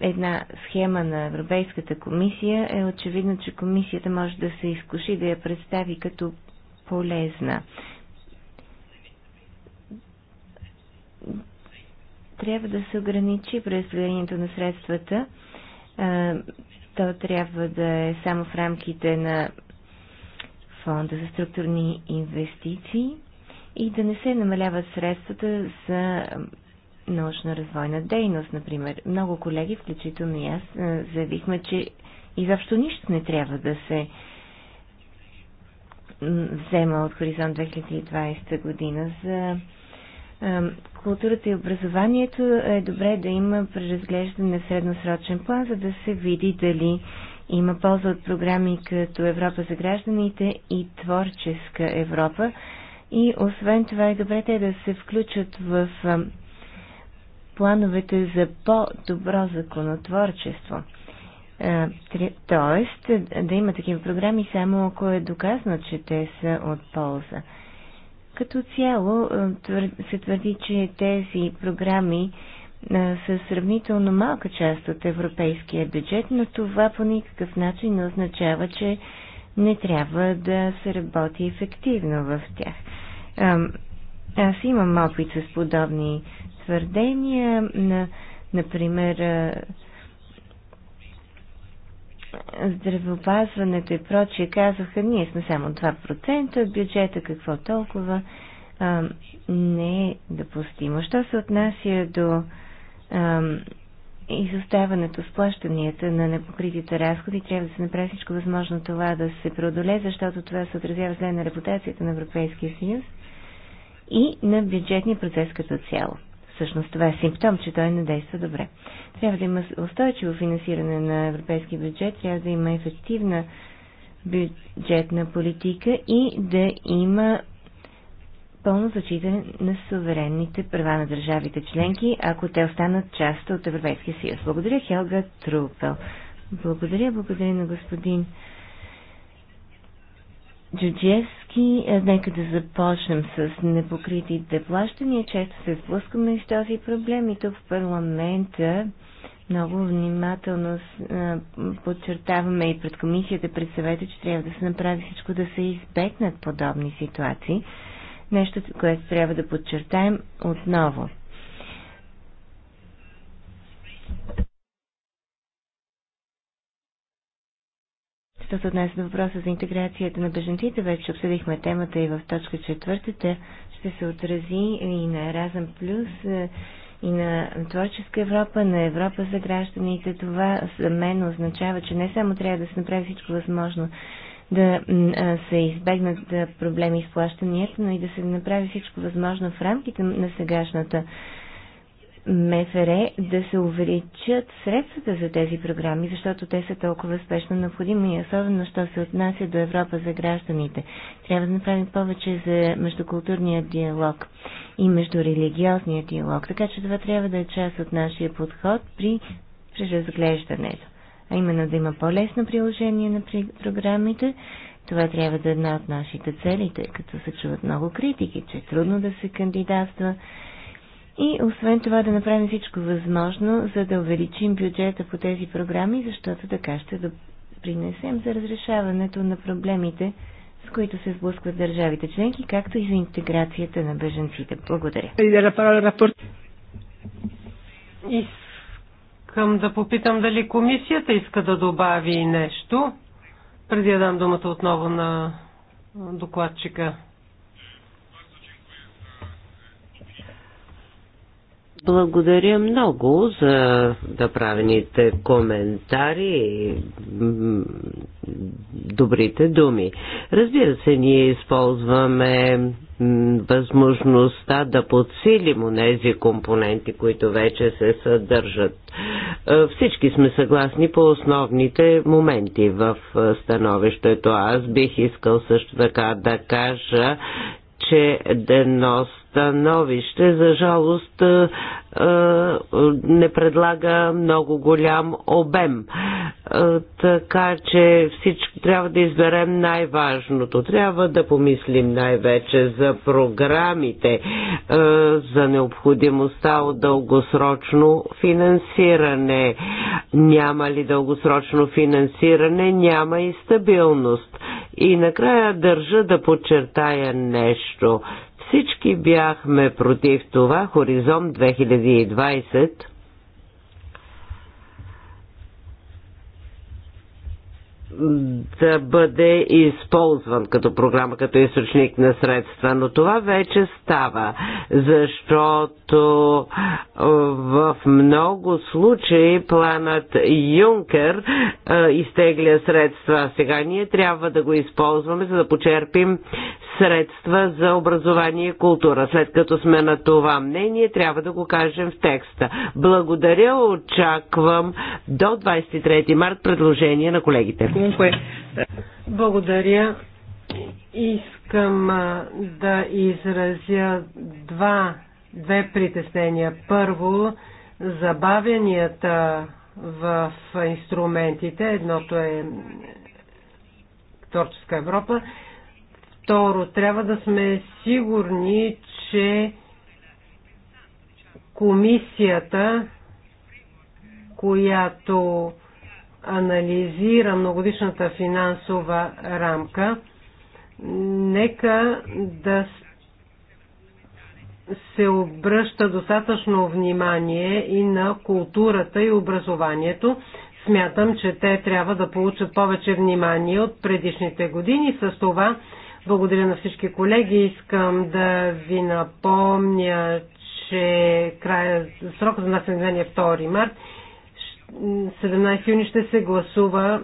една схема на Европейската комисия, е очевидно, че комисията може да се изкуши да я представи като полезна. Трябва да се ограничи преразпределението на средствата. То трябва да е само в рамките на фонда за структурни инвестиции и да не се намаляват средствата за научно-развойна дейност, например. Много колеги, включително и аз, заявихме, че изобщо нищо не трябва да се взема от Хоризонт 2020 година за културата и образованието е добре да има преразглеждане в средносрочен план, за да се види дали има полза от програми като Европа за гражданите и Творческа Европа. И освен това е добре те да се включат в плановете за по-добро законотворчество. Тоест, да има такива програми само ако е доказано, че те са от полза. Като цяло се твърди, че тези програми с сравнително малка част от европейския бюджет, но това по никакъв начин не означава, че не трябва да се работи ефективно в тях. Аз имам опит с подобни твърдения, на, например, здравеопазването и прочие казаха, ние сме само 2% от бюджета, какво толкова а, не е допустимо. Що се отнася до изоставането с плащанията на непокритите разходи трябва да се направи всичко възможно това да се преодолее, защото това се отразява зле на репутацията на Европейския съюз и на бюджетния процес като цяло. Всъщност това е симптом, че той не действа добре. Трябва да има устойчиво финансиране на европейски бюджет, трябва да има ефективна бюджетна политика и да има пълно зачитане на суверенните права на държавите членки, ако те останат част от Европейския съюз. Благодаря, Хелга Трупел. Благодаря, благодаря на господин Джуджевски. Нека да започнем с непокритите плащания. Често се сблъскаме с този проблем и тук в парламента много внимателно подчертаваме и пред комисията, пред съвета, че трябва да се направи всичко да се избегнат подобни ситуации. Нещо, което трябва да подчертаем отново. Що се отнася до въпроса за интеграцията на бежанците, вече обсъдихме темата и в точка четвъртата ще се отрази и на Еразъм Плюс, е, и на Творческа Европа, на Европа за гражданите. Това за мен означава, че не само трябва да се направи всичко възможно да се избегнат проблеми с плащанията, но и да се направи всичко възможно в рамките на сегашната МФР да се увеличат средствата за тези програми, защото те са толкова спешно необходими, и особено що се отнася до Европа за гражданите. Трябва да направим повече за междукултурния диалог и междурелигиозния диалог, така че това трябва да е част от нашия подход при преразглеждането а именно да има по-лесно приложение на програмите. Това трябва да е една от нашите цели, тъй като се чуват много критики, че е трудно да се кандидатства. И освен това да направим всичко възможно, за да увеличим бюджета по тези програми, защото така ще да принесем за разрешаването на проблемите, с които се сблъскват държавите членки, както и за интеграцията на беженците. Благодаря. И искам да попитам дали комисията иска да добави нещо, преди да дам думата отново на докладчика. Благодаря много за направените да коментари и добрите думи. Разбира се, ние използваме възможността да подсилим онези компоненти, които вече се съдържат. Е, всички сме съгласни по основните моменти в е, становището. Аз бих искал също така да кажа, че денос становище, за жалост, е, е, не предлага много голям обем. Е, така че всичко трябва да изберем най-важното. Трябва да помислим най-вече за програмите, за необходимостта от дългосрочно финансиране. Няма ли дългосрочно финансиране, няма и стабилност. И накрая държа да подчертая нещо. Всички бяхме против това Хоризонт 2020 да бъде използван като програма, като източник на средства, но това вече става, защото в много случаи планът Юнкер изтегля средства. Сега ние трябва да го използваме, за да почерпим средства за образование и култура. След като сме на това мнение, трябва да го кажем в текста. Благодаря, очаквам до 23 март предложение на колегите comunque. Благодаря. Искам да изразя два, две притеснения. Първо, забавянията в инструментите. Едното е Творческа Европа. Второ, трябва да сме сигурни, че комисията, която анализира многодишната финансова рамка, нека да се обръща достатъчно внимание и на културата и образованието. Смятам, че те трябва да получат повече внимание от предишните години. С това благодаря на всички колеги. Искам да ви напомня, че края, срок за нас е 2 март 17 юни ще се гласува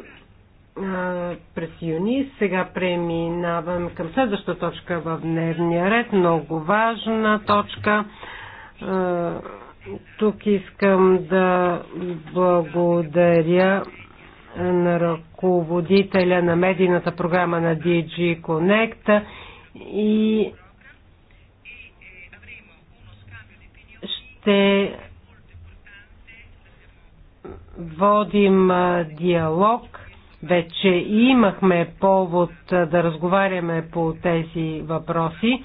през юни. Сега преминавам към следваща точка в дневния ред. Много важна точка. Тук искам да благодаря на ръководителя на медийната програма на DG Connect и ще водим диалог. Вече имахме повод да разговаряме по тези въпроси,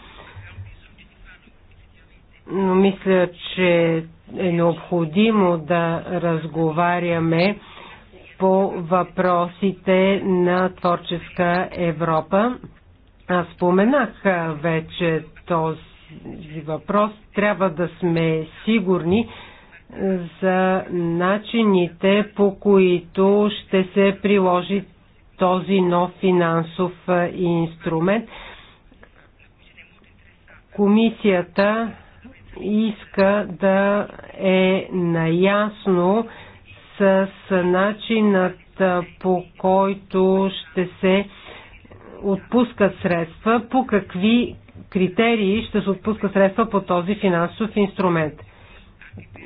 но мисля, че е необходимо да разговаряме по въпросите на творческа Европа. Аз споменах вече този въпрос. Трябва да сме сигурни, за начините по които ще се приложи този нов финансов инструмент. Комисията иска да е наясно с начинът по който ще се отпускат средства, по какви критерии ще се отпускат средства по този финансов инструмент.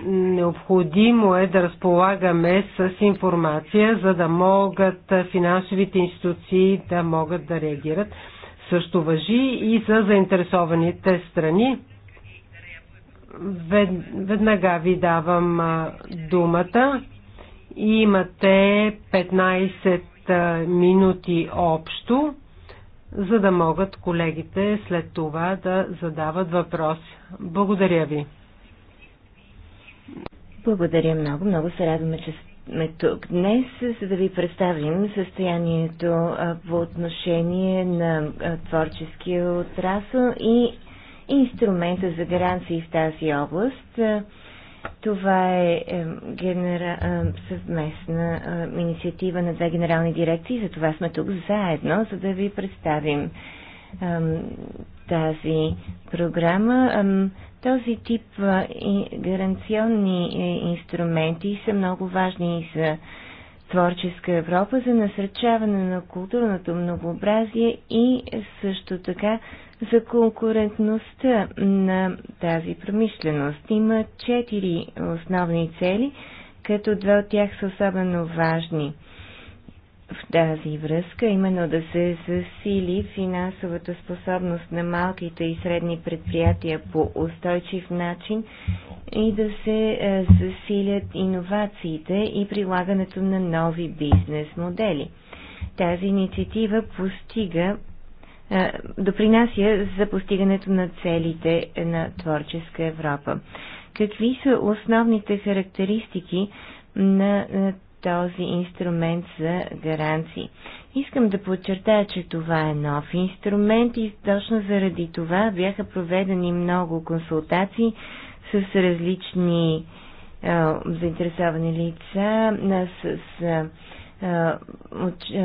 Необходимо е да разполагаме с информация, за да могат финансовите институции да могат да реагират. Също въжи и за заинтересованите страни. Веднага ви давам думата. Имате 15 минути общо, за да могат колегите след това да задават въпроси. Благодаря ви. Благодаря много. Много се радваме, че сме тук днес, за да ви представим състоянието по отношение на творческия отрасъл и инструмента за гаранции в тази област. Това е, е генера... съвместна инициатива на две генерални дирекции, затова сме тук заедно, за да ви представим тази програма. Този тип гаранционни е, инструменти са много важни и за творческа Европа, за насърчаване на културното многообразие и също така за конкурентността на тази промишленост. Има четири основни цели, като две от тях са особено важни – в тази връзка, именно да се засили финансовата способност на малките и средни предприятия по устойчив начин и да се е, засилят иновациите и прилагането на нови бизнес модели. Тази инициатива постига е, допринася за постигането на целите на творческа Европа. Какви са основните характеристики на е, този инструмент за гаранции. Искам да подчертая, че това е нов инструмент и точно заради това бяха проведени много консултации с различни е, заинтересовани лица, а, с е,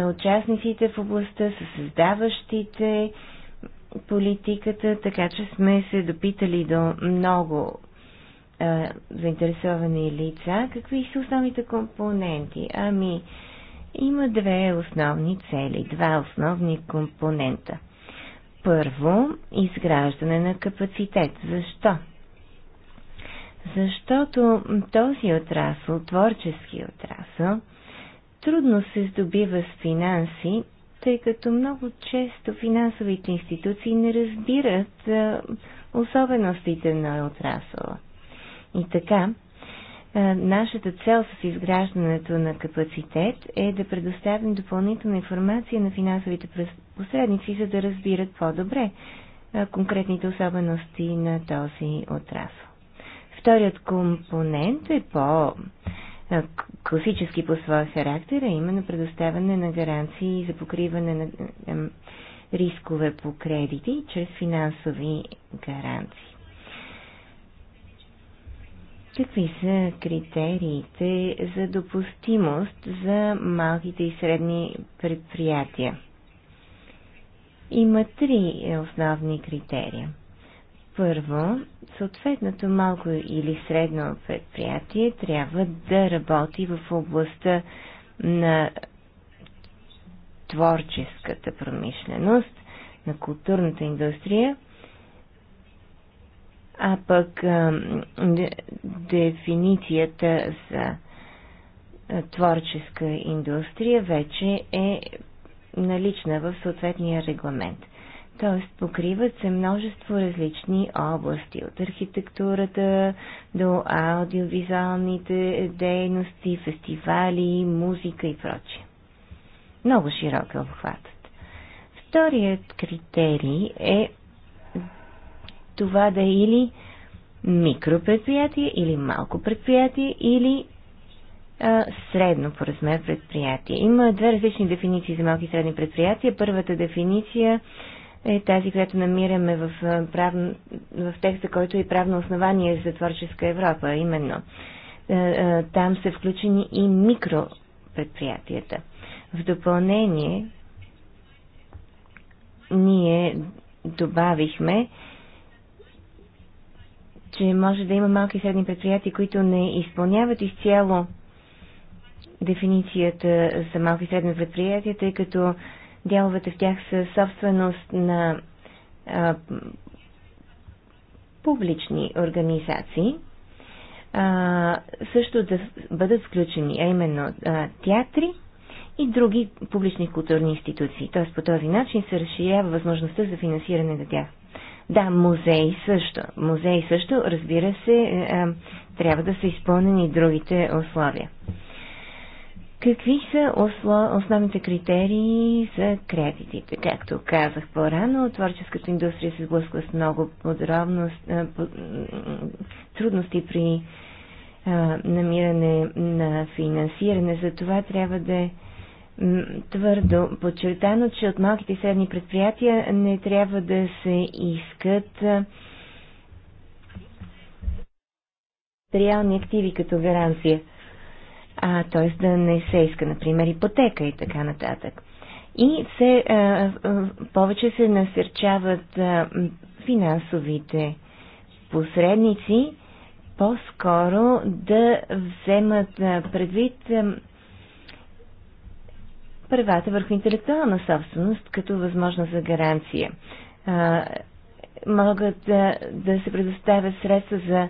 участниците в областта, с създаващите политиката, така че сме се допитали до много е, заинтересовани лица, какви са основните компоненти? Ами, има две основни цели, два основни компонента. Първо, изграждане на капацитет. Защо? Защото този отрасъл, творчески отрасъл, трудно се здобива с финанси, тъй като много често финансовите институции не разбират е, особеностите на отрасъла. И така, нашата цел с изграждането на капацитет е да предоставим допълнителна информация на финансовите посредници, за да разбират по-добре конкретните особености на този отрасъл. Вторият компонент е по класически по своя характер, а именно предоставяне на гаранции за покриване на рискове по кредити чрез финансови гаранции. Какви са критериите за допустимост за малките и средни предприятия? Има три основни критерия. Първо, съответното малко или средно предприятие трябва да работи в областта на творческата промишленост, на културната индустрия а пък дефиницията за творческа индустрия вече е налична в съответния регламент. Тоест покриват се множество различни области, от архитектурата до аудиовизуалните дейности, фестивали, музика и прочие. Много широк е обхватът. Вторият критерий е това да е или микропредприятие, или малко предприятие, или а, средно по размер предприятие. Има две различни дефиниции за малки и средни предприятия. Първата дефиниция е тази, която намираме в, правно, в текста, който е правно основание за творческа Европа, именно. Там са включени и микропредприятията. В допълнение ние добавихме че може да има малки и средни предприятия, които не изпълняват изцяло дефиницията за малки и средни предприятия, тъй като дяловете в тях са собственост на а, публични организации, а, също да бъдат включени, а именно а, театри и други публични културни институции. Т.е. по този начин се разширява възможността за финансиране на тях. Да, музей също. Музей също, разбира се, е, е, трябва да са изпълнени другите условия. Какви са основните критерии за кредитите? Както казах по-рано, творческата индустрия се сблъсква с много подробност, е, трудности при намиране на финансиране. За това трябва да е твърдо подчертано, че от малките и средни предприятия не трябва да се искат реални активи като гаранция, а т.е. да не се иска, например, ипотека и така нататък. И се, а, а, повече се насърчават а, финансовите посредници по-скоро да вземат предвид правата върху интелектуална собственост като възможност за гаранция. А, могат да, да се предоставят средства за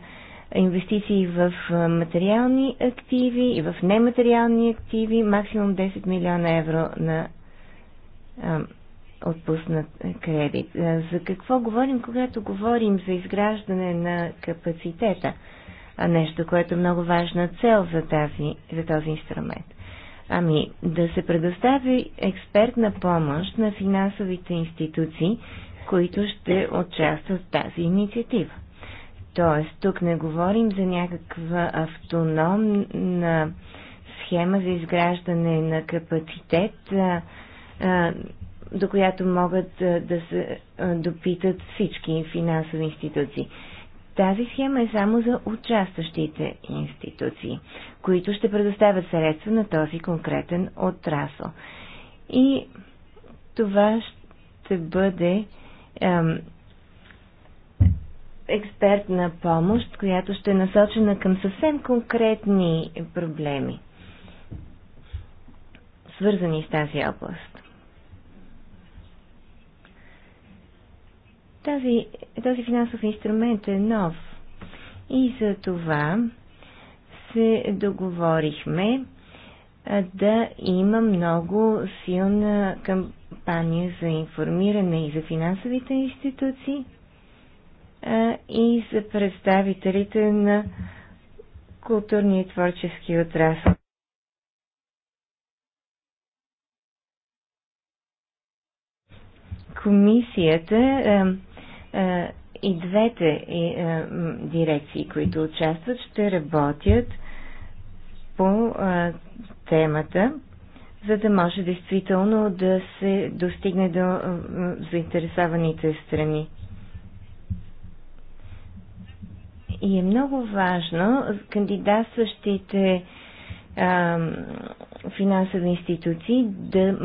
инвестиции в материални активи и в нематериални активи, максимум 10 милиона евро на а, отпуснат кредит. За какво говорим, когато говорим за изграждане на капацитета, а нещо, което е много важна цел за, тази, за този инструмент? Ами да се предостави експертна помощ на финансовите институции, които ще участват в тази инициатива. Тоест, тук не говорим за някаква автономна схема за изграждане на капацитет, до която могат да се допитат всички финансови институции. Тази схема е само за участващите институции, които ще предоставят средства на този конкретен отрасъл. И това ще бъде ем, експертна помощ, която ще е насочена към съвсем конкретни проблеми, свързани с тази област. Тази, този финансов инструмент е нов и за това се договорихме да има много силна кампания за информиране и за финансовите институции и за представителите на културния и творчески отрасъл. Комисията е, и двете е, дирекции, които участват, ще работят по е, темата, за да може действително да се достигне до заинтересованите страни. И е много важно кандидатстващите финансови институции да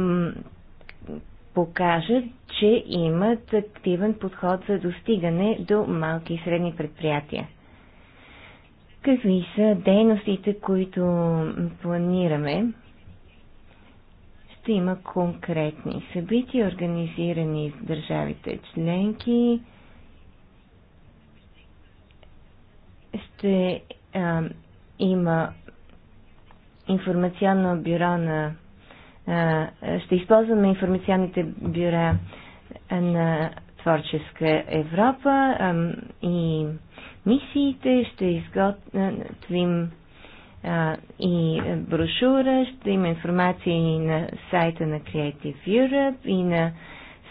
покажат, че имат активен подход за достигане до малки и средни предприятия. Какви са дейностите, които планираме? Ще има конкретни събития, организирани в държавите членки. Ще а, има информационно бюро на ще използваме информационните бюра на Творческа Европа и мисиите, ще изготвим и брошура, ще има информация и на сайта на Creative Europe и на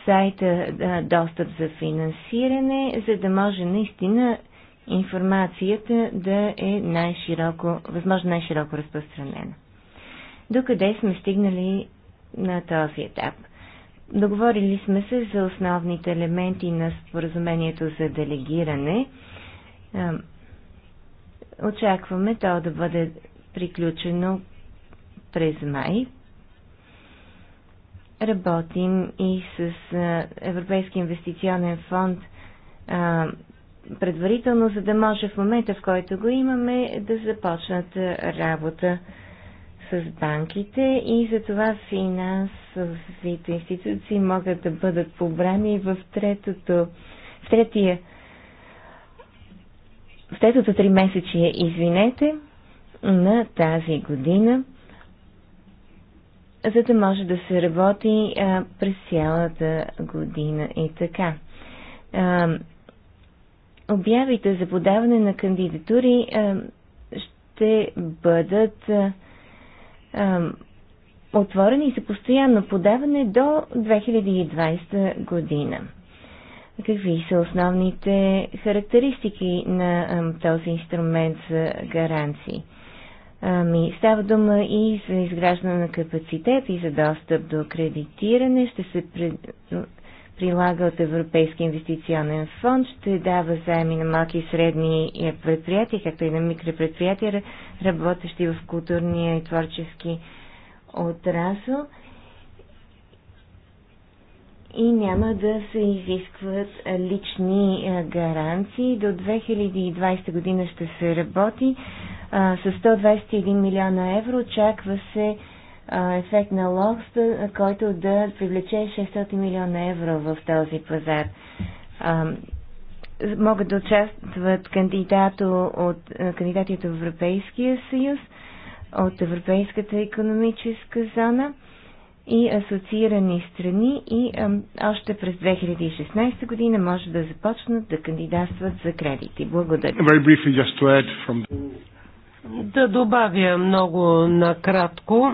сайта Достъп за финансиране, за да може наистина информацията да е най-широко, възможно най-широко разпространена докъде сме стигнали на този етап. Договорили сме се за основните елементи на споразумението за делегиране. Очакваме то да бъде приключено през май. Работим и с Европейски инвестиционен фонд предварително, за да може в момента, в който го имаме, да започнат работа с банките и за това финансовите институции могат да бъдат побрани в третото, в третия, в третото три месечие, извинете, на тази година, за да може да се работи а, през цялата година и така. А, обявите за подаване на кандидатури а, ще бъдат а, отворени и за постоянно подаване до 2020 година. Какви са основните характеристики на този инструмент за гаранции? Ами, става дума и за изграждане на капацитет и за достъп до кредитиране. Ще се пред прилага от Европейски инвестиционен фонд, ще дава заеми на малки и средни е, предприятия, както и на микропредприятия, работещи в културния и творчески отрасъл и няма да се изискват лични гаранции. До 2020 година ще се работи с 121 милиона евро. Очаква се ефект на лост, който да привлече 600 милиона евро в този пазар. Могат да участват кандидати от, кандидати от Европейския съюз, от Европейската економическа зона и асоциирани страни и още през 2016 година може да започнат да кандидатстват за кредити. Благодаря. Да добавя много накратко.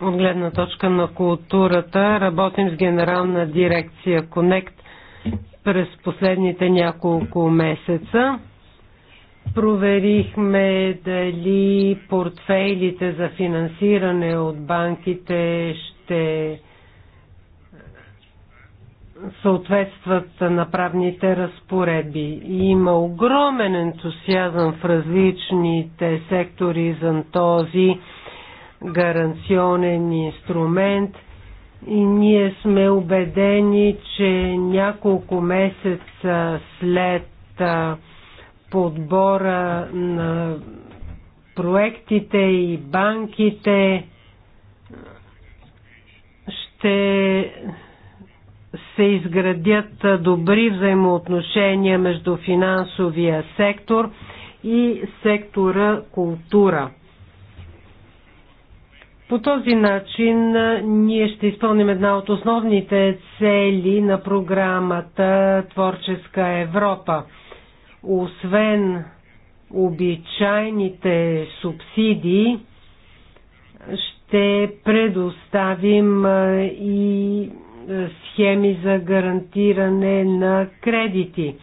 От гледна точка на културата работим с генерална дирекция Connect през последните няколко месеца. Проверихме дали портфейлите за финансиране от банките ще съответстват на правните разпоредби. Има огромен ентусиазъм в различните сектори за този гаранционен инструмент и ние сме убедени, че няколко месеца след подбора на проектите и банките ще се изградят добри взаимоотношения между финансовия сектор и сектора култура. По този начин ние ще изпълним една от основните цели на програмата Творческа Европа. Освен обичайните субсидии, ще предоставим и схеми за гарантиране на кредити.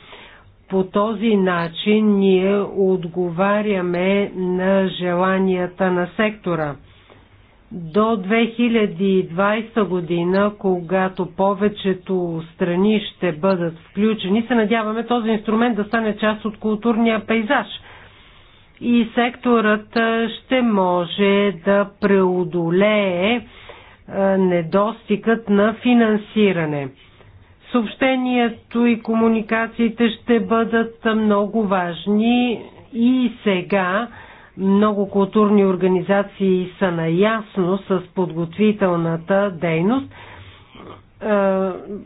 По този начин ние отговаряме на желанията на сектора – до 2020 година, когато повечето страни ще бъдат включени, се надяваме този инструмент да стане част от културния пейзаж и секторът ще може да преодолее недостигът на финансиране. Съобщението и комуникациите ще бъдат много важни и сега, много културни организации са наясно с подготвителната дейност. Е,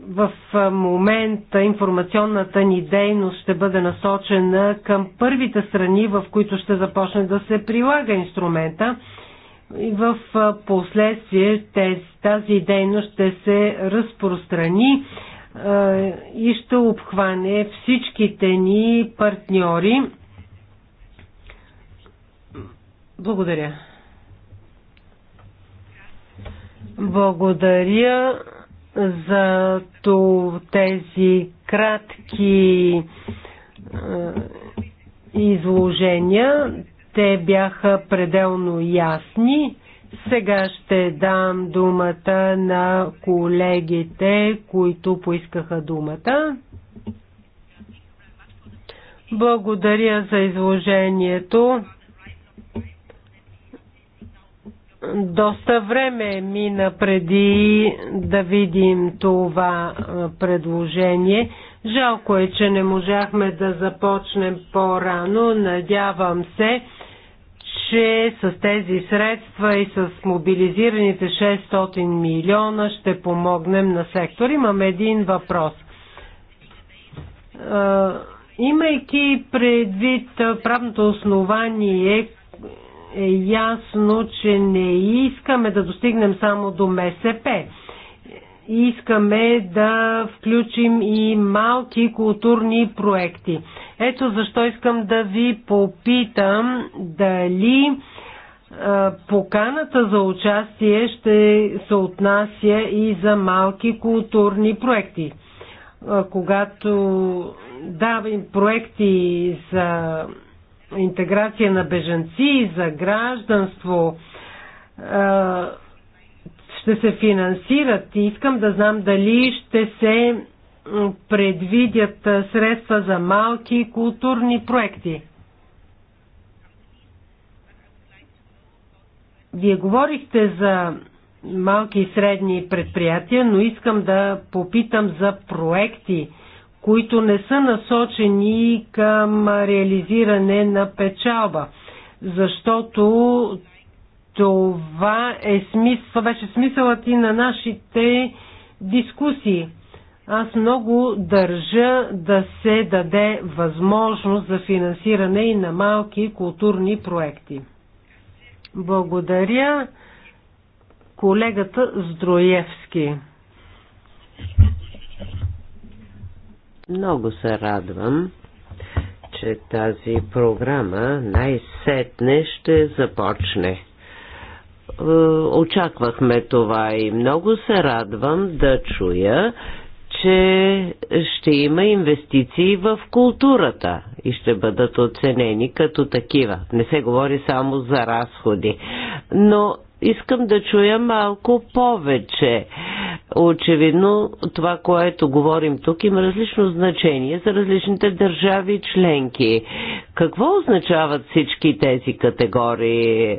в момента информационната ни дейност ще бъде насочена към първите страни, в които ще започне да се прилага инструмента. И в е, последствие тази дейност ще се разпространи е, и ще обхване всичките ни партньори благодаря. Благодаря за тези кратки изложения. Те бяха пределно ясни. Сега ще дам думата на колегите, които поискаха думата. Благодаря за изложението. доста време мина преди да видим това предложение. Жалко е, че не можахме да започнем по-рано. Надявам се, че с тези средства и с мобилизираните 600 милиона ще помогнем на сектор. Имам един въпрос. Имайки предвид правното основание, е ясно, че не искаме да достигнем само до МСП. Искаме да включим и малки културни проекти. Ето защо искам да ви попитам дали поканата за участие ще се отнася и за малки културни проекти. Когато давам проекти за интеграция на бежанци, за гражданство, ще се финансират и искам да знам дали ще се предвидят средства за малки културни проекти. Вие говорихте за малки и средни предприятия, но искам да попитам за проекти – които не са насочени към реализиране на печалба, защото това, е смисъл, това беше смисълът и на нашите дискусии. Аз много държа да се даде възможност за финансиране и на малки културни проекти. Благодаря колегата Здроевски. Много се радвам, че тази програма най-сетне ще започне. Е, очаквахме това и много се радвам да чуя, че ще има инвестиции в културата и ще бъдат оценени като такива. Не се говори само за разходи. Но искам да чуя малко повече. Очевидно, това, което говорим тук, има различно значение за различните държави членки. Какво означават всички тези категории?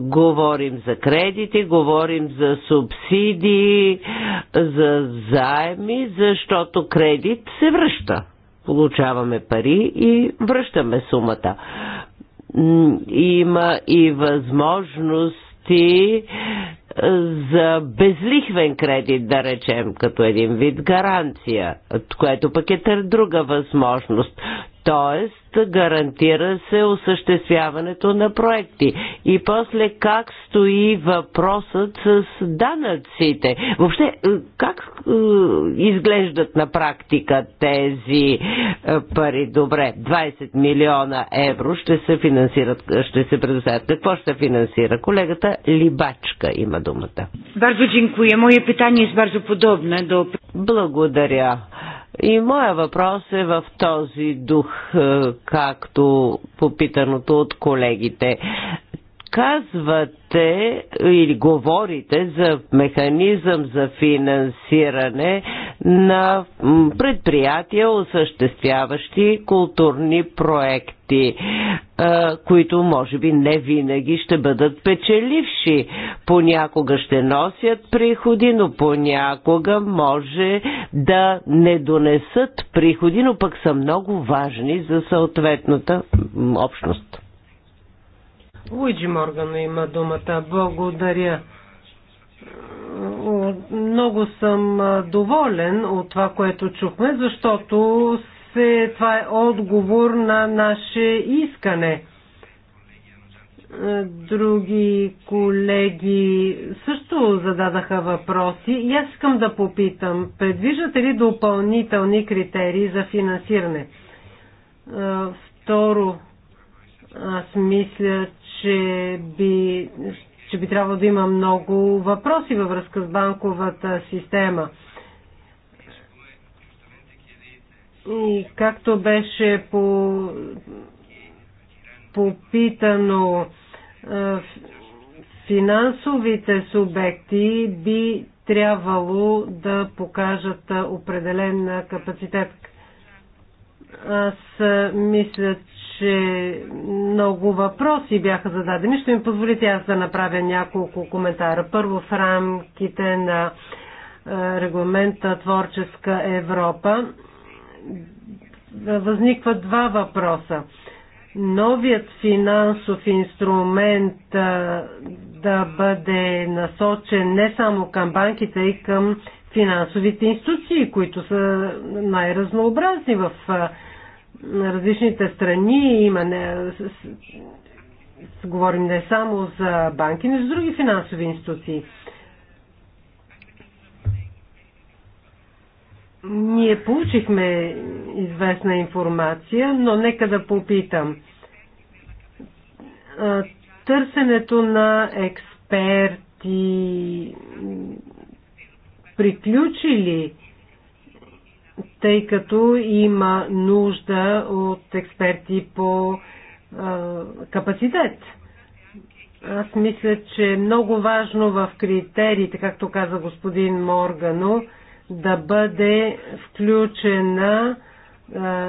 Говорим за кредити, говорим за субсидии, за заеми, защото кредит се връща. Получаваме пари и връщаме сумата има и възможност кредити за безлихвен кредит, да речем, като един вид гаранция, което пък е друга възможност т.е. гарантира се осъществяването на проекти. И после как стои въпросът с данъците? Въобще, е, как е, изглеждат на практика тези е, пари? Добре, 20 милиона евро ще се финансират, ще се предоставят. Какво ще финансира? Колегата Либачка има думата. Bardzo dziękuję. Мое питание jest bardzo подобно. Благодаря. И моя въпрос е в този дух, е, както попитаното от колегите казвате или говорите за механизъм за финансиране на предприятия, осъществяващи културни проекти проекти, които може би не винаги ще бъдат печеливши. Понякога ще носят приходи, но понякога може да не донесат приходи, но пък са много важни за съответната общност. Луиджи Морган има думата. Благодаря. Много съм доволен от това, което чухме, защото се, това е отговор на наше искане. Е, други колеги също зададаха въпроси и аз искам да попитам, предвиждате ли допълнителни критерии за финансиране? Е, второ, аз мисля, че би, че би трябвало да има много въпроси във връзка с банковата система – И както беше по, попитано, финансовите субекти би трябвало да покажат определен капацитет. Аз мисля, че много въпроси бяха зададени. Ще ми позволите аз да направя няколко коментара. Първо в рамките на регламента Творческа Европа е, възникват два въпроса. Новият финансов инструмент е, да бъде насочен не само към банките и към финансовите институции, които са най-разнообразни в е, различните страни. Има не, говорим не само за банки, но и за други финансови институции. Ние получихме известна информация, но нека да попитам. Търсенето на експерти приключили, тъй като има нужда от експерти по а, капацитет. Аз мисля, че е много важно в критериите, както каза господин Моргано, да бъде включена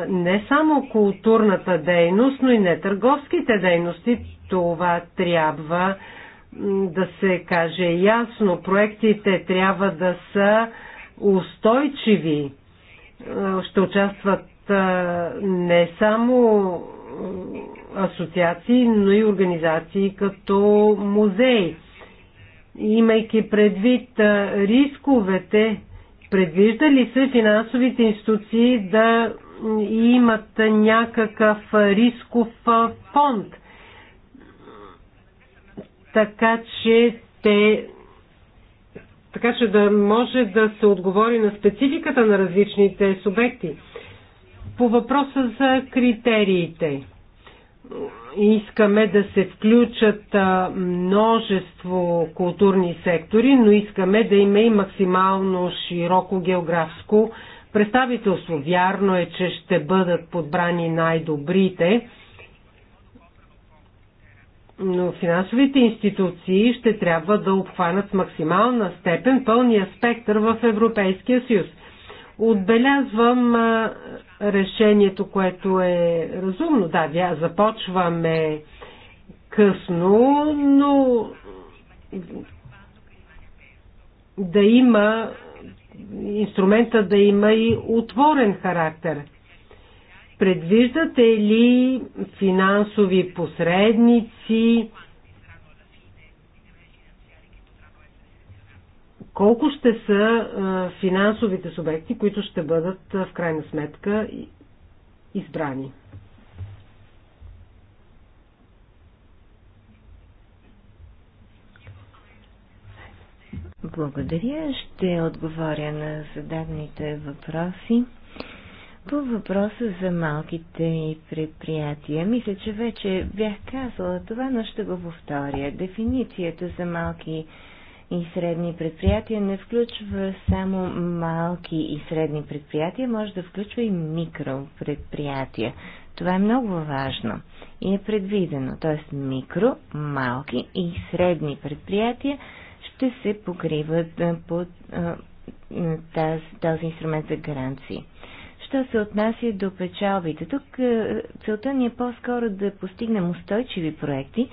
не само културната дейност, но и не търговските дейности. Това трябва да се каже ясно. Проектите трябва да са устойчиви. Ще участват не само асоциации, но и организации като музеи. Имайки предвид рисковете, Предвижда ли се финансовите институции да имат някакъв рисков фонд, така че те така че да може да се отговори на спецификата на различните субекти. По въпроса за критериите искаме да се включат множество културни сектори, но искаме да има и максимално широко географско представителство. Вярно е, че ще бъдат подбрани най-добрите, но финансовите институции ще трябва да обхванат с максимална степен пълния спектър в Европейския съюз. Отбелязвам решението, което е разумно. Да, вя, започваме късно, но да има инструмента да има и отворен характер. Предвиждате ли финансови посредници, колко ще са финансовите субекти, които ще бъдат в крайна сметка избрани. Благодаря. Ще отговоря на зададените въпроси. По въпроса за малките предприятия, мисля, че вече бях казала това, но ще го повторя. Дефиницията за малки предприятия и средни предприятия не включва само малки и средни предприятия, може да включва и микропредприятия. Това е много важно и е предвидено. Т.е. микро, малки и средни предприятия ще се покриват под този инструмент за гаранции. Що се отнася до печалбите, тук целта ни е по-скоро да постигнем устойчиви проекти,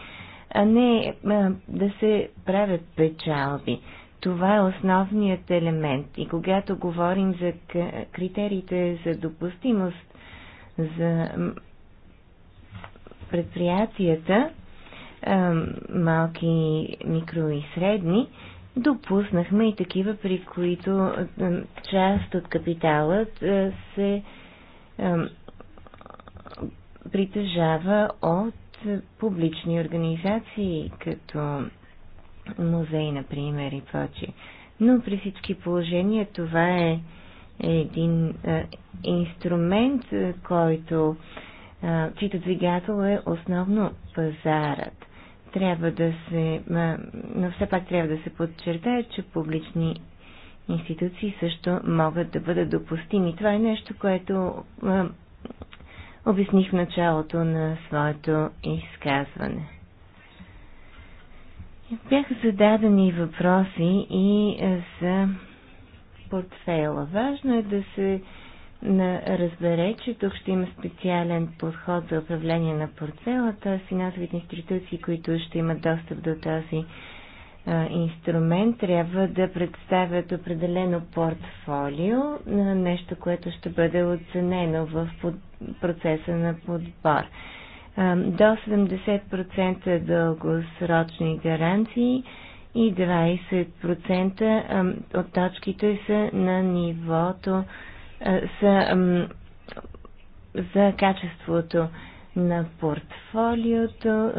а не а, да се правят печалби. Това е основният елемент. И когато говорим за критериите за допустимост за предприятията, малки, микро и средни, допуснахме и такива, при които част от капиталът се притежава от публични организации, като музей, например, и прочие. Но при всички положения това е един а, е, инструмент, е, който, е, чийто двигател е основно пазарът. Трябва да се, но все пак трябва да се подчертае, че публични институции също могат да бъдат допустими. Това е нещо, което обясних в началото на своето изказване. Бяха зададени въпроси и е, за портфейла. Важно е да се разбере, че тук ще има специален подход за управление на портфела, т.е. финансовите институции, които ще имат достъп до тази инструмент трябва да представят определено портфолио, нещо, което ще бъде оценено в процеса на подбор. До 70% дългосрочни гаранции и 20% от точките са на нивото са за качеството на портфолиото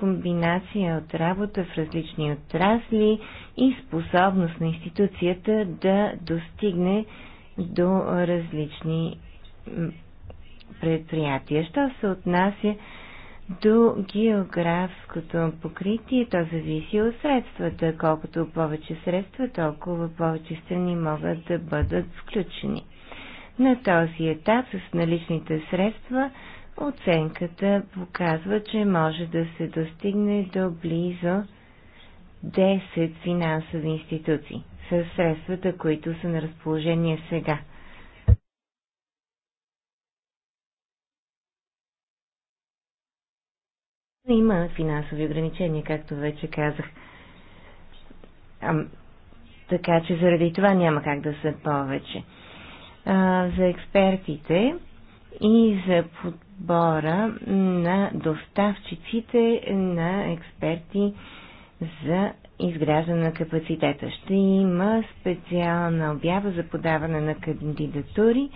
комбинация от работа в различни отрасли и способност на институцията да достигне до различни предприятия. Що се отнася до географското покритие, то зависи от средствата. Колкото повече средства, толкова повече страни могат да бъдат включени. На този етап с наличните средства Оценката показва, че може да се достигне до близо 10 финансови институции с средствата, които са на разположение сега. Има финансови ограничения, както вече казах. А, така че заради това няма как да са повече. А, за експертите и за подбора на доставчиците на експерти за изграждане на капацитета. Ще има специална обява за подаване на кандидатури,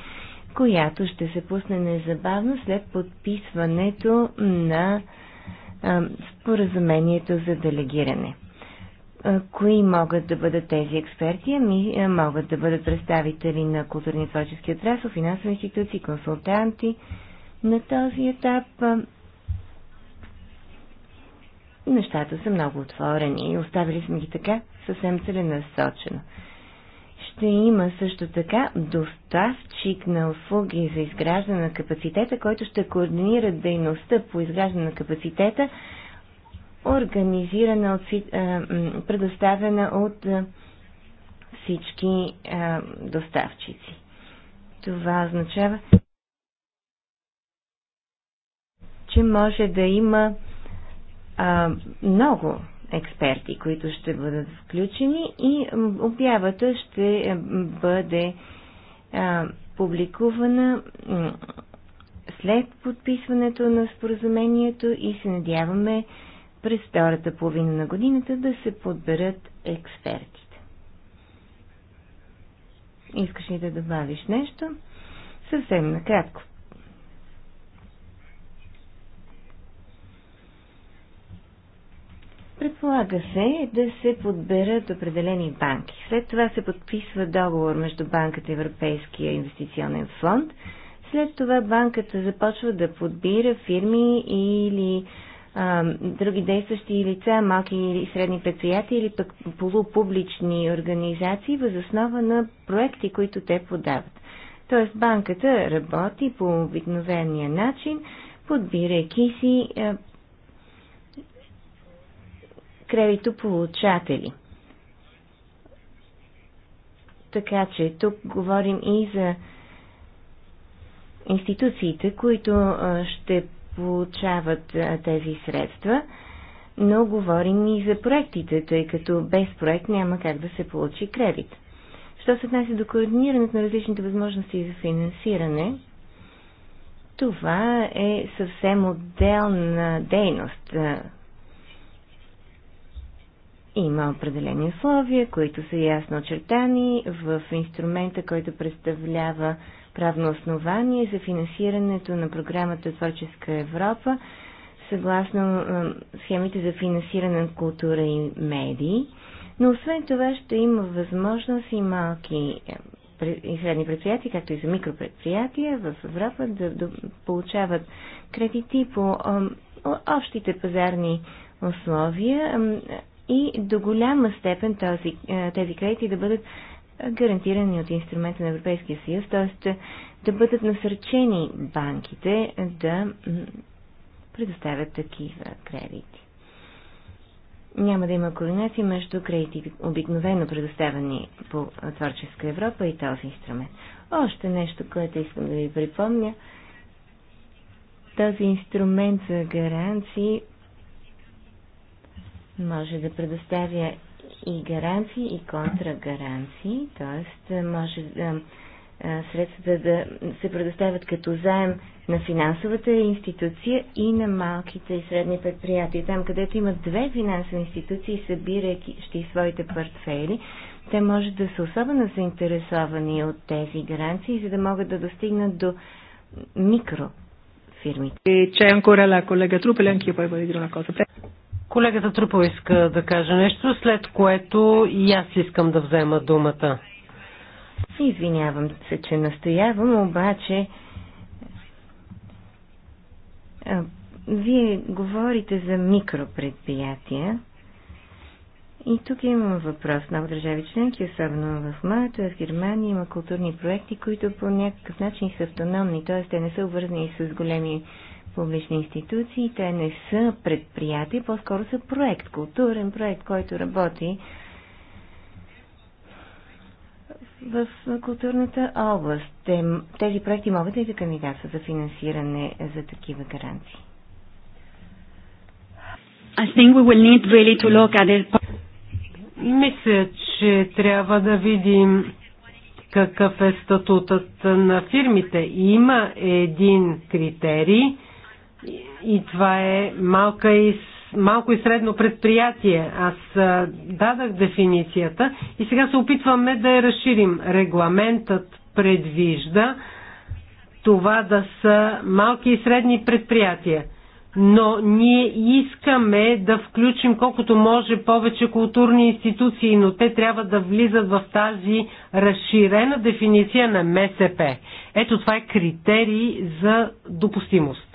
която ще се пусне незабавно след подписването на споразумението за делегиране. Кои могат да бъдат тези експерти? Ами, могат да бъдат представители на културния творчески отрасъл, финансови институции, консултанти. На този етап нещата са много отворени и оставили сме ги така съвсем целенасочено. Ще има също така доставчик на услуги за изграждане на капацитета, който ще координира дейността по изграждане на капацитета организирана, от, предоставена от всички доставчици. Това означава, че може да има много експерти, които ще бъдат включени и обявата ще бъде публикувана след подписването на споразумението и се надяваме през втората половина на годината да се подберат експертите. Искаш ли да добавиш нещо? Съвсем накратко. Предполага се да се подберат определени банки. След това се подписва договор между банката и Европейския инвестиционен фонд. След това банката започва да подбира фирми или а, други действащи лица, малки или средни предприятия или пък полупублични организации възоснова на проекти, които те подават. Тоест банката работи по обикновения начин, подбирайки си а, кредитополучатели. Така че тук говорим и за институциите, които ще получават тези средства, но говорим и за проектите, тъй като без проект няма как да се получи кредит. Що се отнася до координирането на различните възможности за финансиране, това е съвсем отделна дейност. Има определени условия, които са ясно очертани в инструмента, който представлява правно основание за финансирането на програмата Творческа Европа съгласно е, схемите за финансиране на култура и медии. Но освен това ще има възможност и малки е, и средни предприятия, както и за микропредприятия в Европа да, да получават кредити по е, общите пазарни условия и до голяма степен този, тези кредити да бъдат гарантирани от инструмента на Европейския съюз, т.е. да бъдат насърчени банките да предоставят такива кредити. Няма да има координация между кредити, обикновено предоставени по Творческа Европа и този инструмент. Още нещо, което искам да ви припомня. Този инструмент за гаранции може да предоставя и гаранции, и контрагаранции, т.е. може е, е, средствата да се предоставят като заем на финансовата институция и на малките и средни предприятия. Там, където има две финансови институции, събирайки своите портфели, те може да са особено заинтересовани от тези гаранции, за да могат да достигнат до микрофирмите. C'è ancora la collega Truppel, anch'io poi voglio dire una cosa. Колегата Трупо иска да каже нещо, след което и аз искам да взема думата. Извинявам се, че настоявам, обаче вие говорите за микропредприятия. И тук имам въпрос. Много държави членки, особено в моята, в Германия, има културни проекти, които по някакъв начин са автономни, т.е. те не са обвързани с големи публични институции. Те не са предприятия, по-скоро са проект, културен проект, който работи в културната област. Тези проекти могат ли да кандидатстват за финансиране за такива гаранции? Мисля, че трябва да видим какъв е статутът на фирмите. Има един критерий, и това е малка и, малко и средно предприятие. Аз дадах дефиницията и сега се опитваме да я разширим. Регламентът предвижда това да са малки и средни предприятия. Но ние искаме да включим колкото може повече културни институции, но те трябва да влизат в тази разширена дефиниция на МСП. Ето това е критерий за допустимост.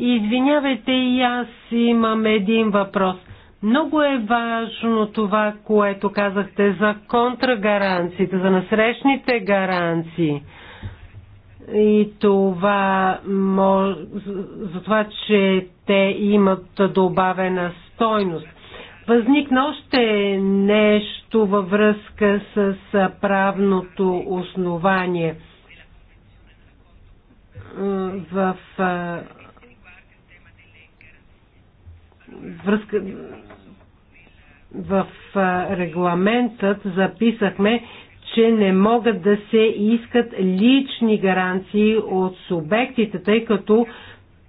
Извинявайте, и аз имам един въпрос. Много е важно това, което казахте за контрагаранциите, за насрещните гаранции. И това, за това, че те имат добавена стойност. Възникна още нещо във връзка с правното основание в връзка в регламентът записахме, че не могат да се искат лични гаранции от субектите, тъй като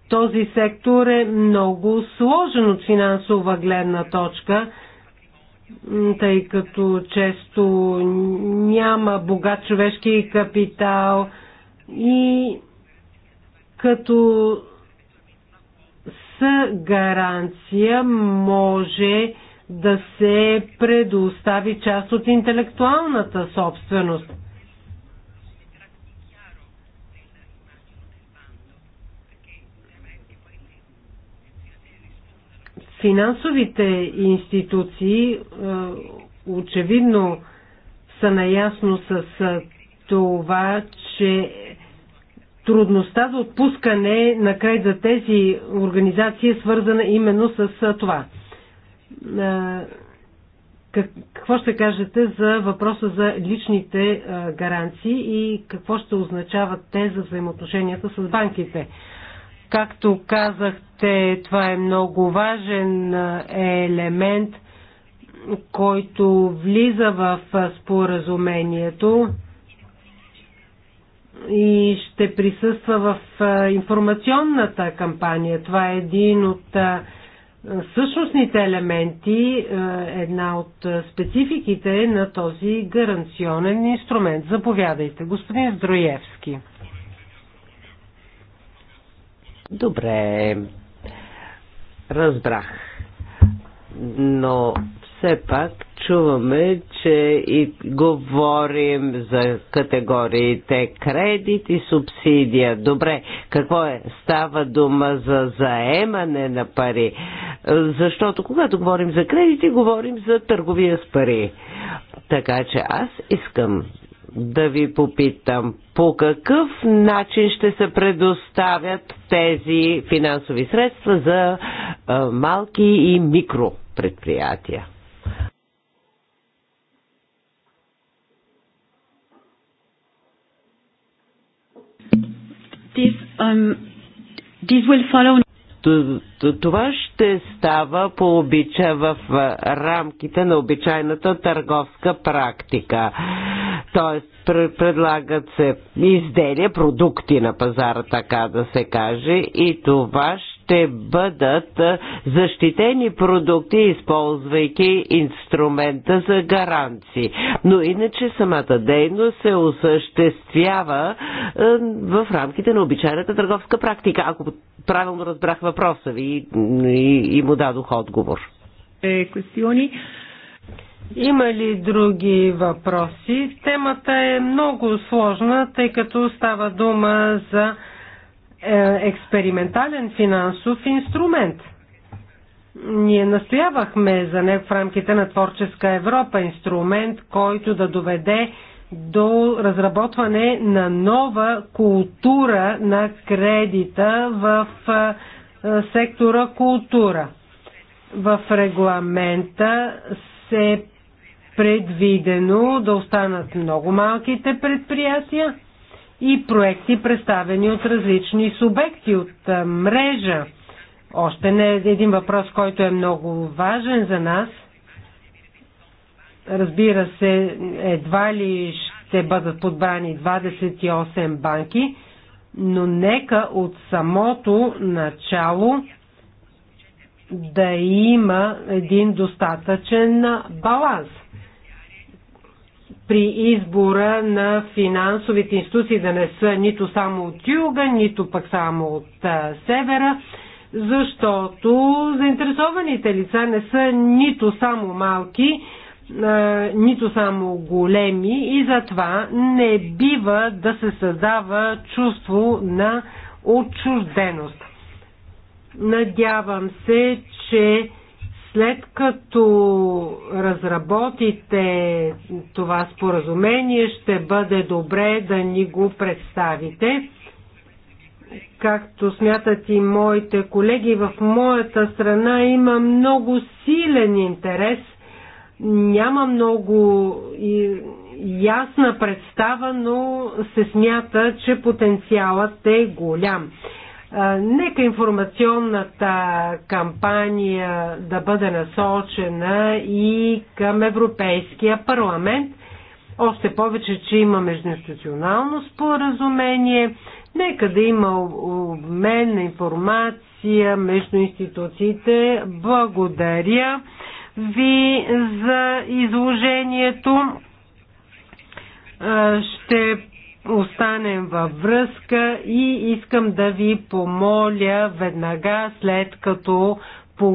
този сектор е много сложен от финансова гледна точка, тъй като често няма богат човешки капитал и като гаранция може да се предостави част от интелектуалната собственост. Финансовите институции е, очевидно са наясно с е, това, че трудността за отпускане на край за тези организации е свързана именно с това. Какво ще кажете за въпроса за личните гаранции и какво ще означават те за взаимоотношенията с банките? Както казахте, това е много важен елемент, който влиза в споразумението и ще присъства в информационната кампания. Това е един от същностните елементи, една от спецификите на този гаранционен инструмент. Заповядайте, господин Здроевски. Добре, разбрах. Но все пак чуваме, че и говорим за категориите кредит и субсидия. Добре, какво е? Става дума за заемане на пари. Защото когато говорим за кредити, говорим за търговия с пари. Така че аз искам да ви попитам по какъв начин ще се предоставят тези финансови средства за малки и микропредприятия. Um, това ще става по обича в рамките на обичайната търговска практика. Тоест, предлагат се изделия, продукти на пазара, така да се каже, и това ще бъдат защитени продукти, използвайки инструмента за гаранции. Но иначе самата дейност се осъществява в рамките на обичайната търговска практика, ако правилно разбрах въпроса ви и, и, и му дадох отговор. Е, Костиони, Има ли други въпроси? Темата е много сложна, тъй като става дума за е, експериментален финансов инструмент. Ние настоявахме за него в рамките на Творческа Европа инструмент, който да доведе до разработване на нова култура на кредита в е, е, сектора култура. В регламента се предвидено да останат много малките предприятия и проекти, представени от различни субекти, от мрежа. Още не е един въпрос, който е много важен за нас. Разбира се, едва ли ще бъдат подбрани 28 банки, но нека от самото начало да има един достатъчен баланс – при избора на финансовите институции да не са нито само от юга, нито пък само от а, севера, защото заинтересованите лица не са нито само малки, а, нито само големи и затова не бива да се създава чувство на отчужденост. Надявам се, че след като разработите това споразумение, ще бъде добре да ни го представите. Както смятат и моите колеги, в моята страна има много силен интерес. Няма много ясна представа, но се смята, че потенциалът е голям. Нека информационната кампания да бъде насочена и към Европейския парламент, още повече, че има междуинституционално споразумение. Нека да има обмен на информация между институциите. Благодаря ви за изложението. Ще останем във връзка и искам да ви помоля веднага след като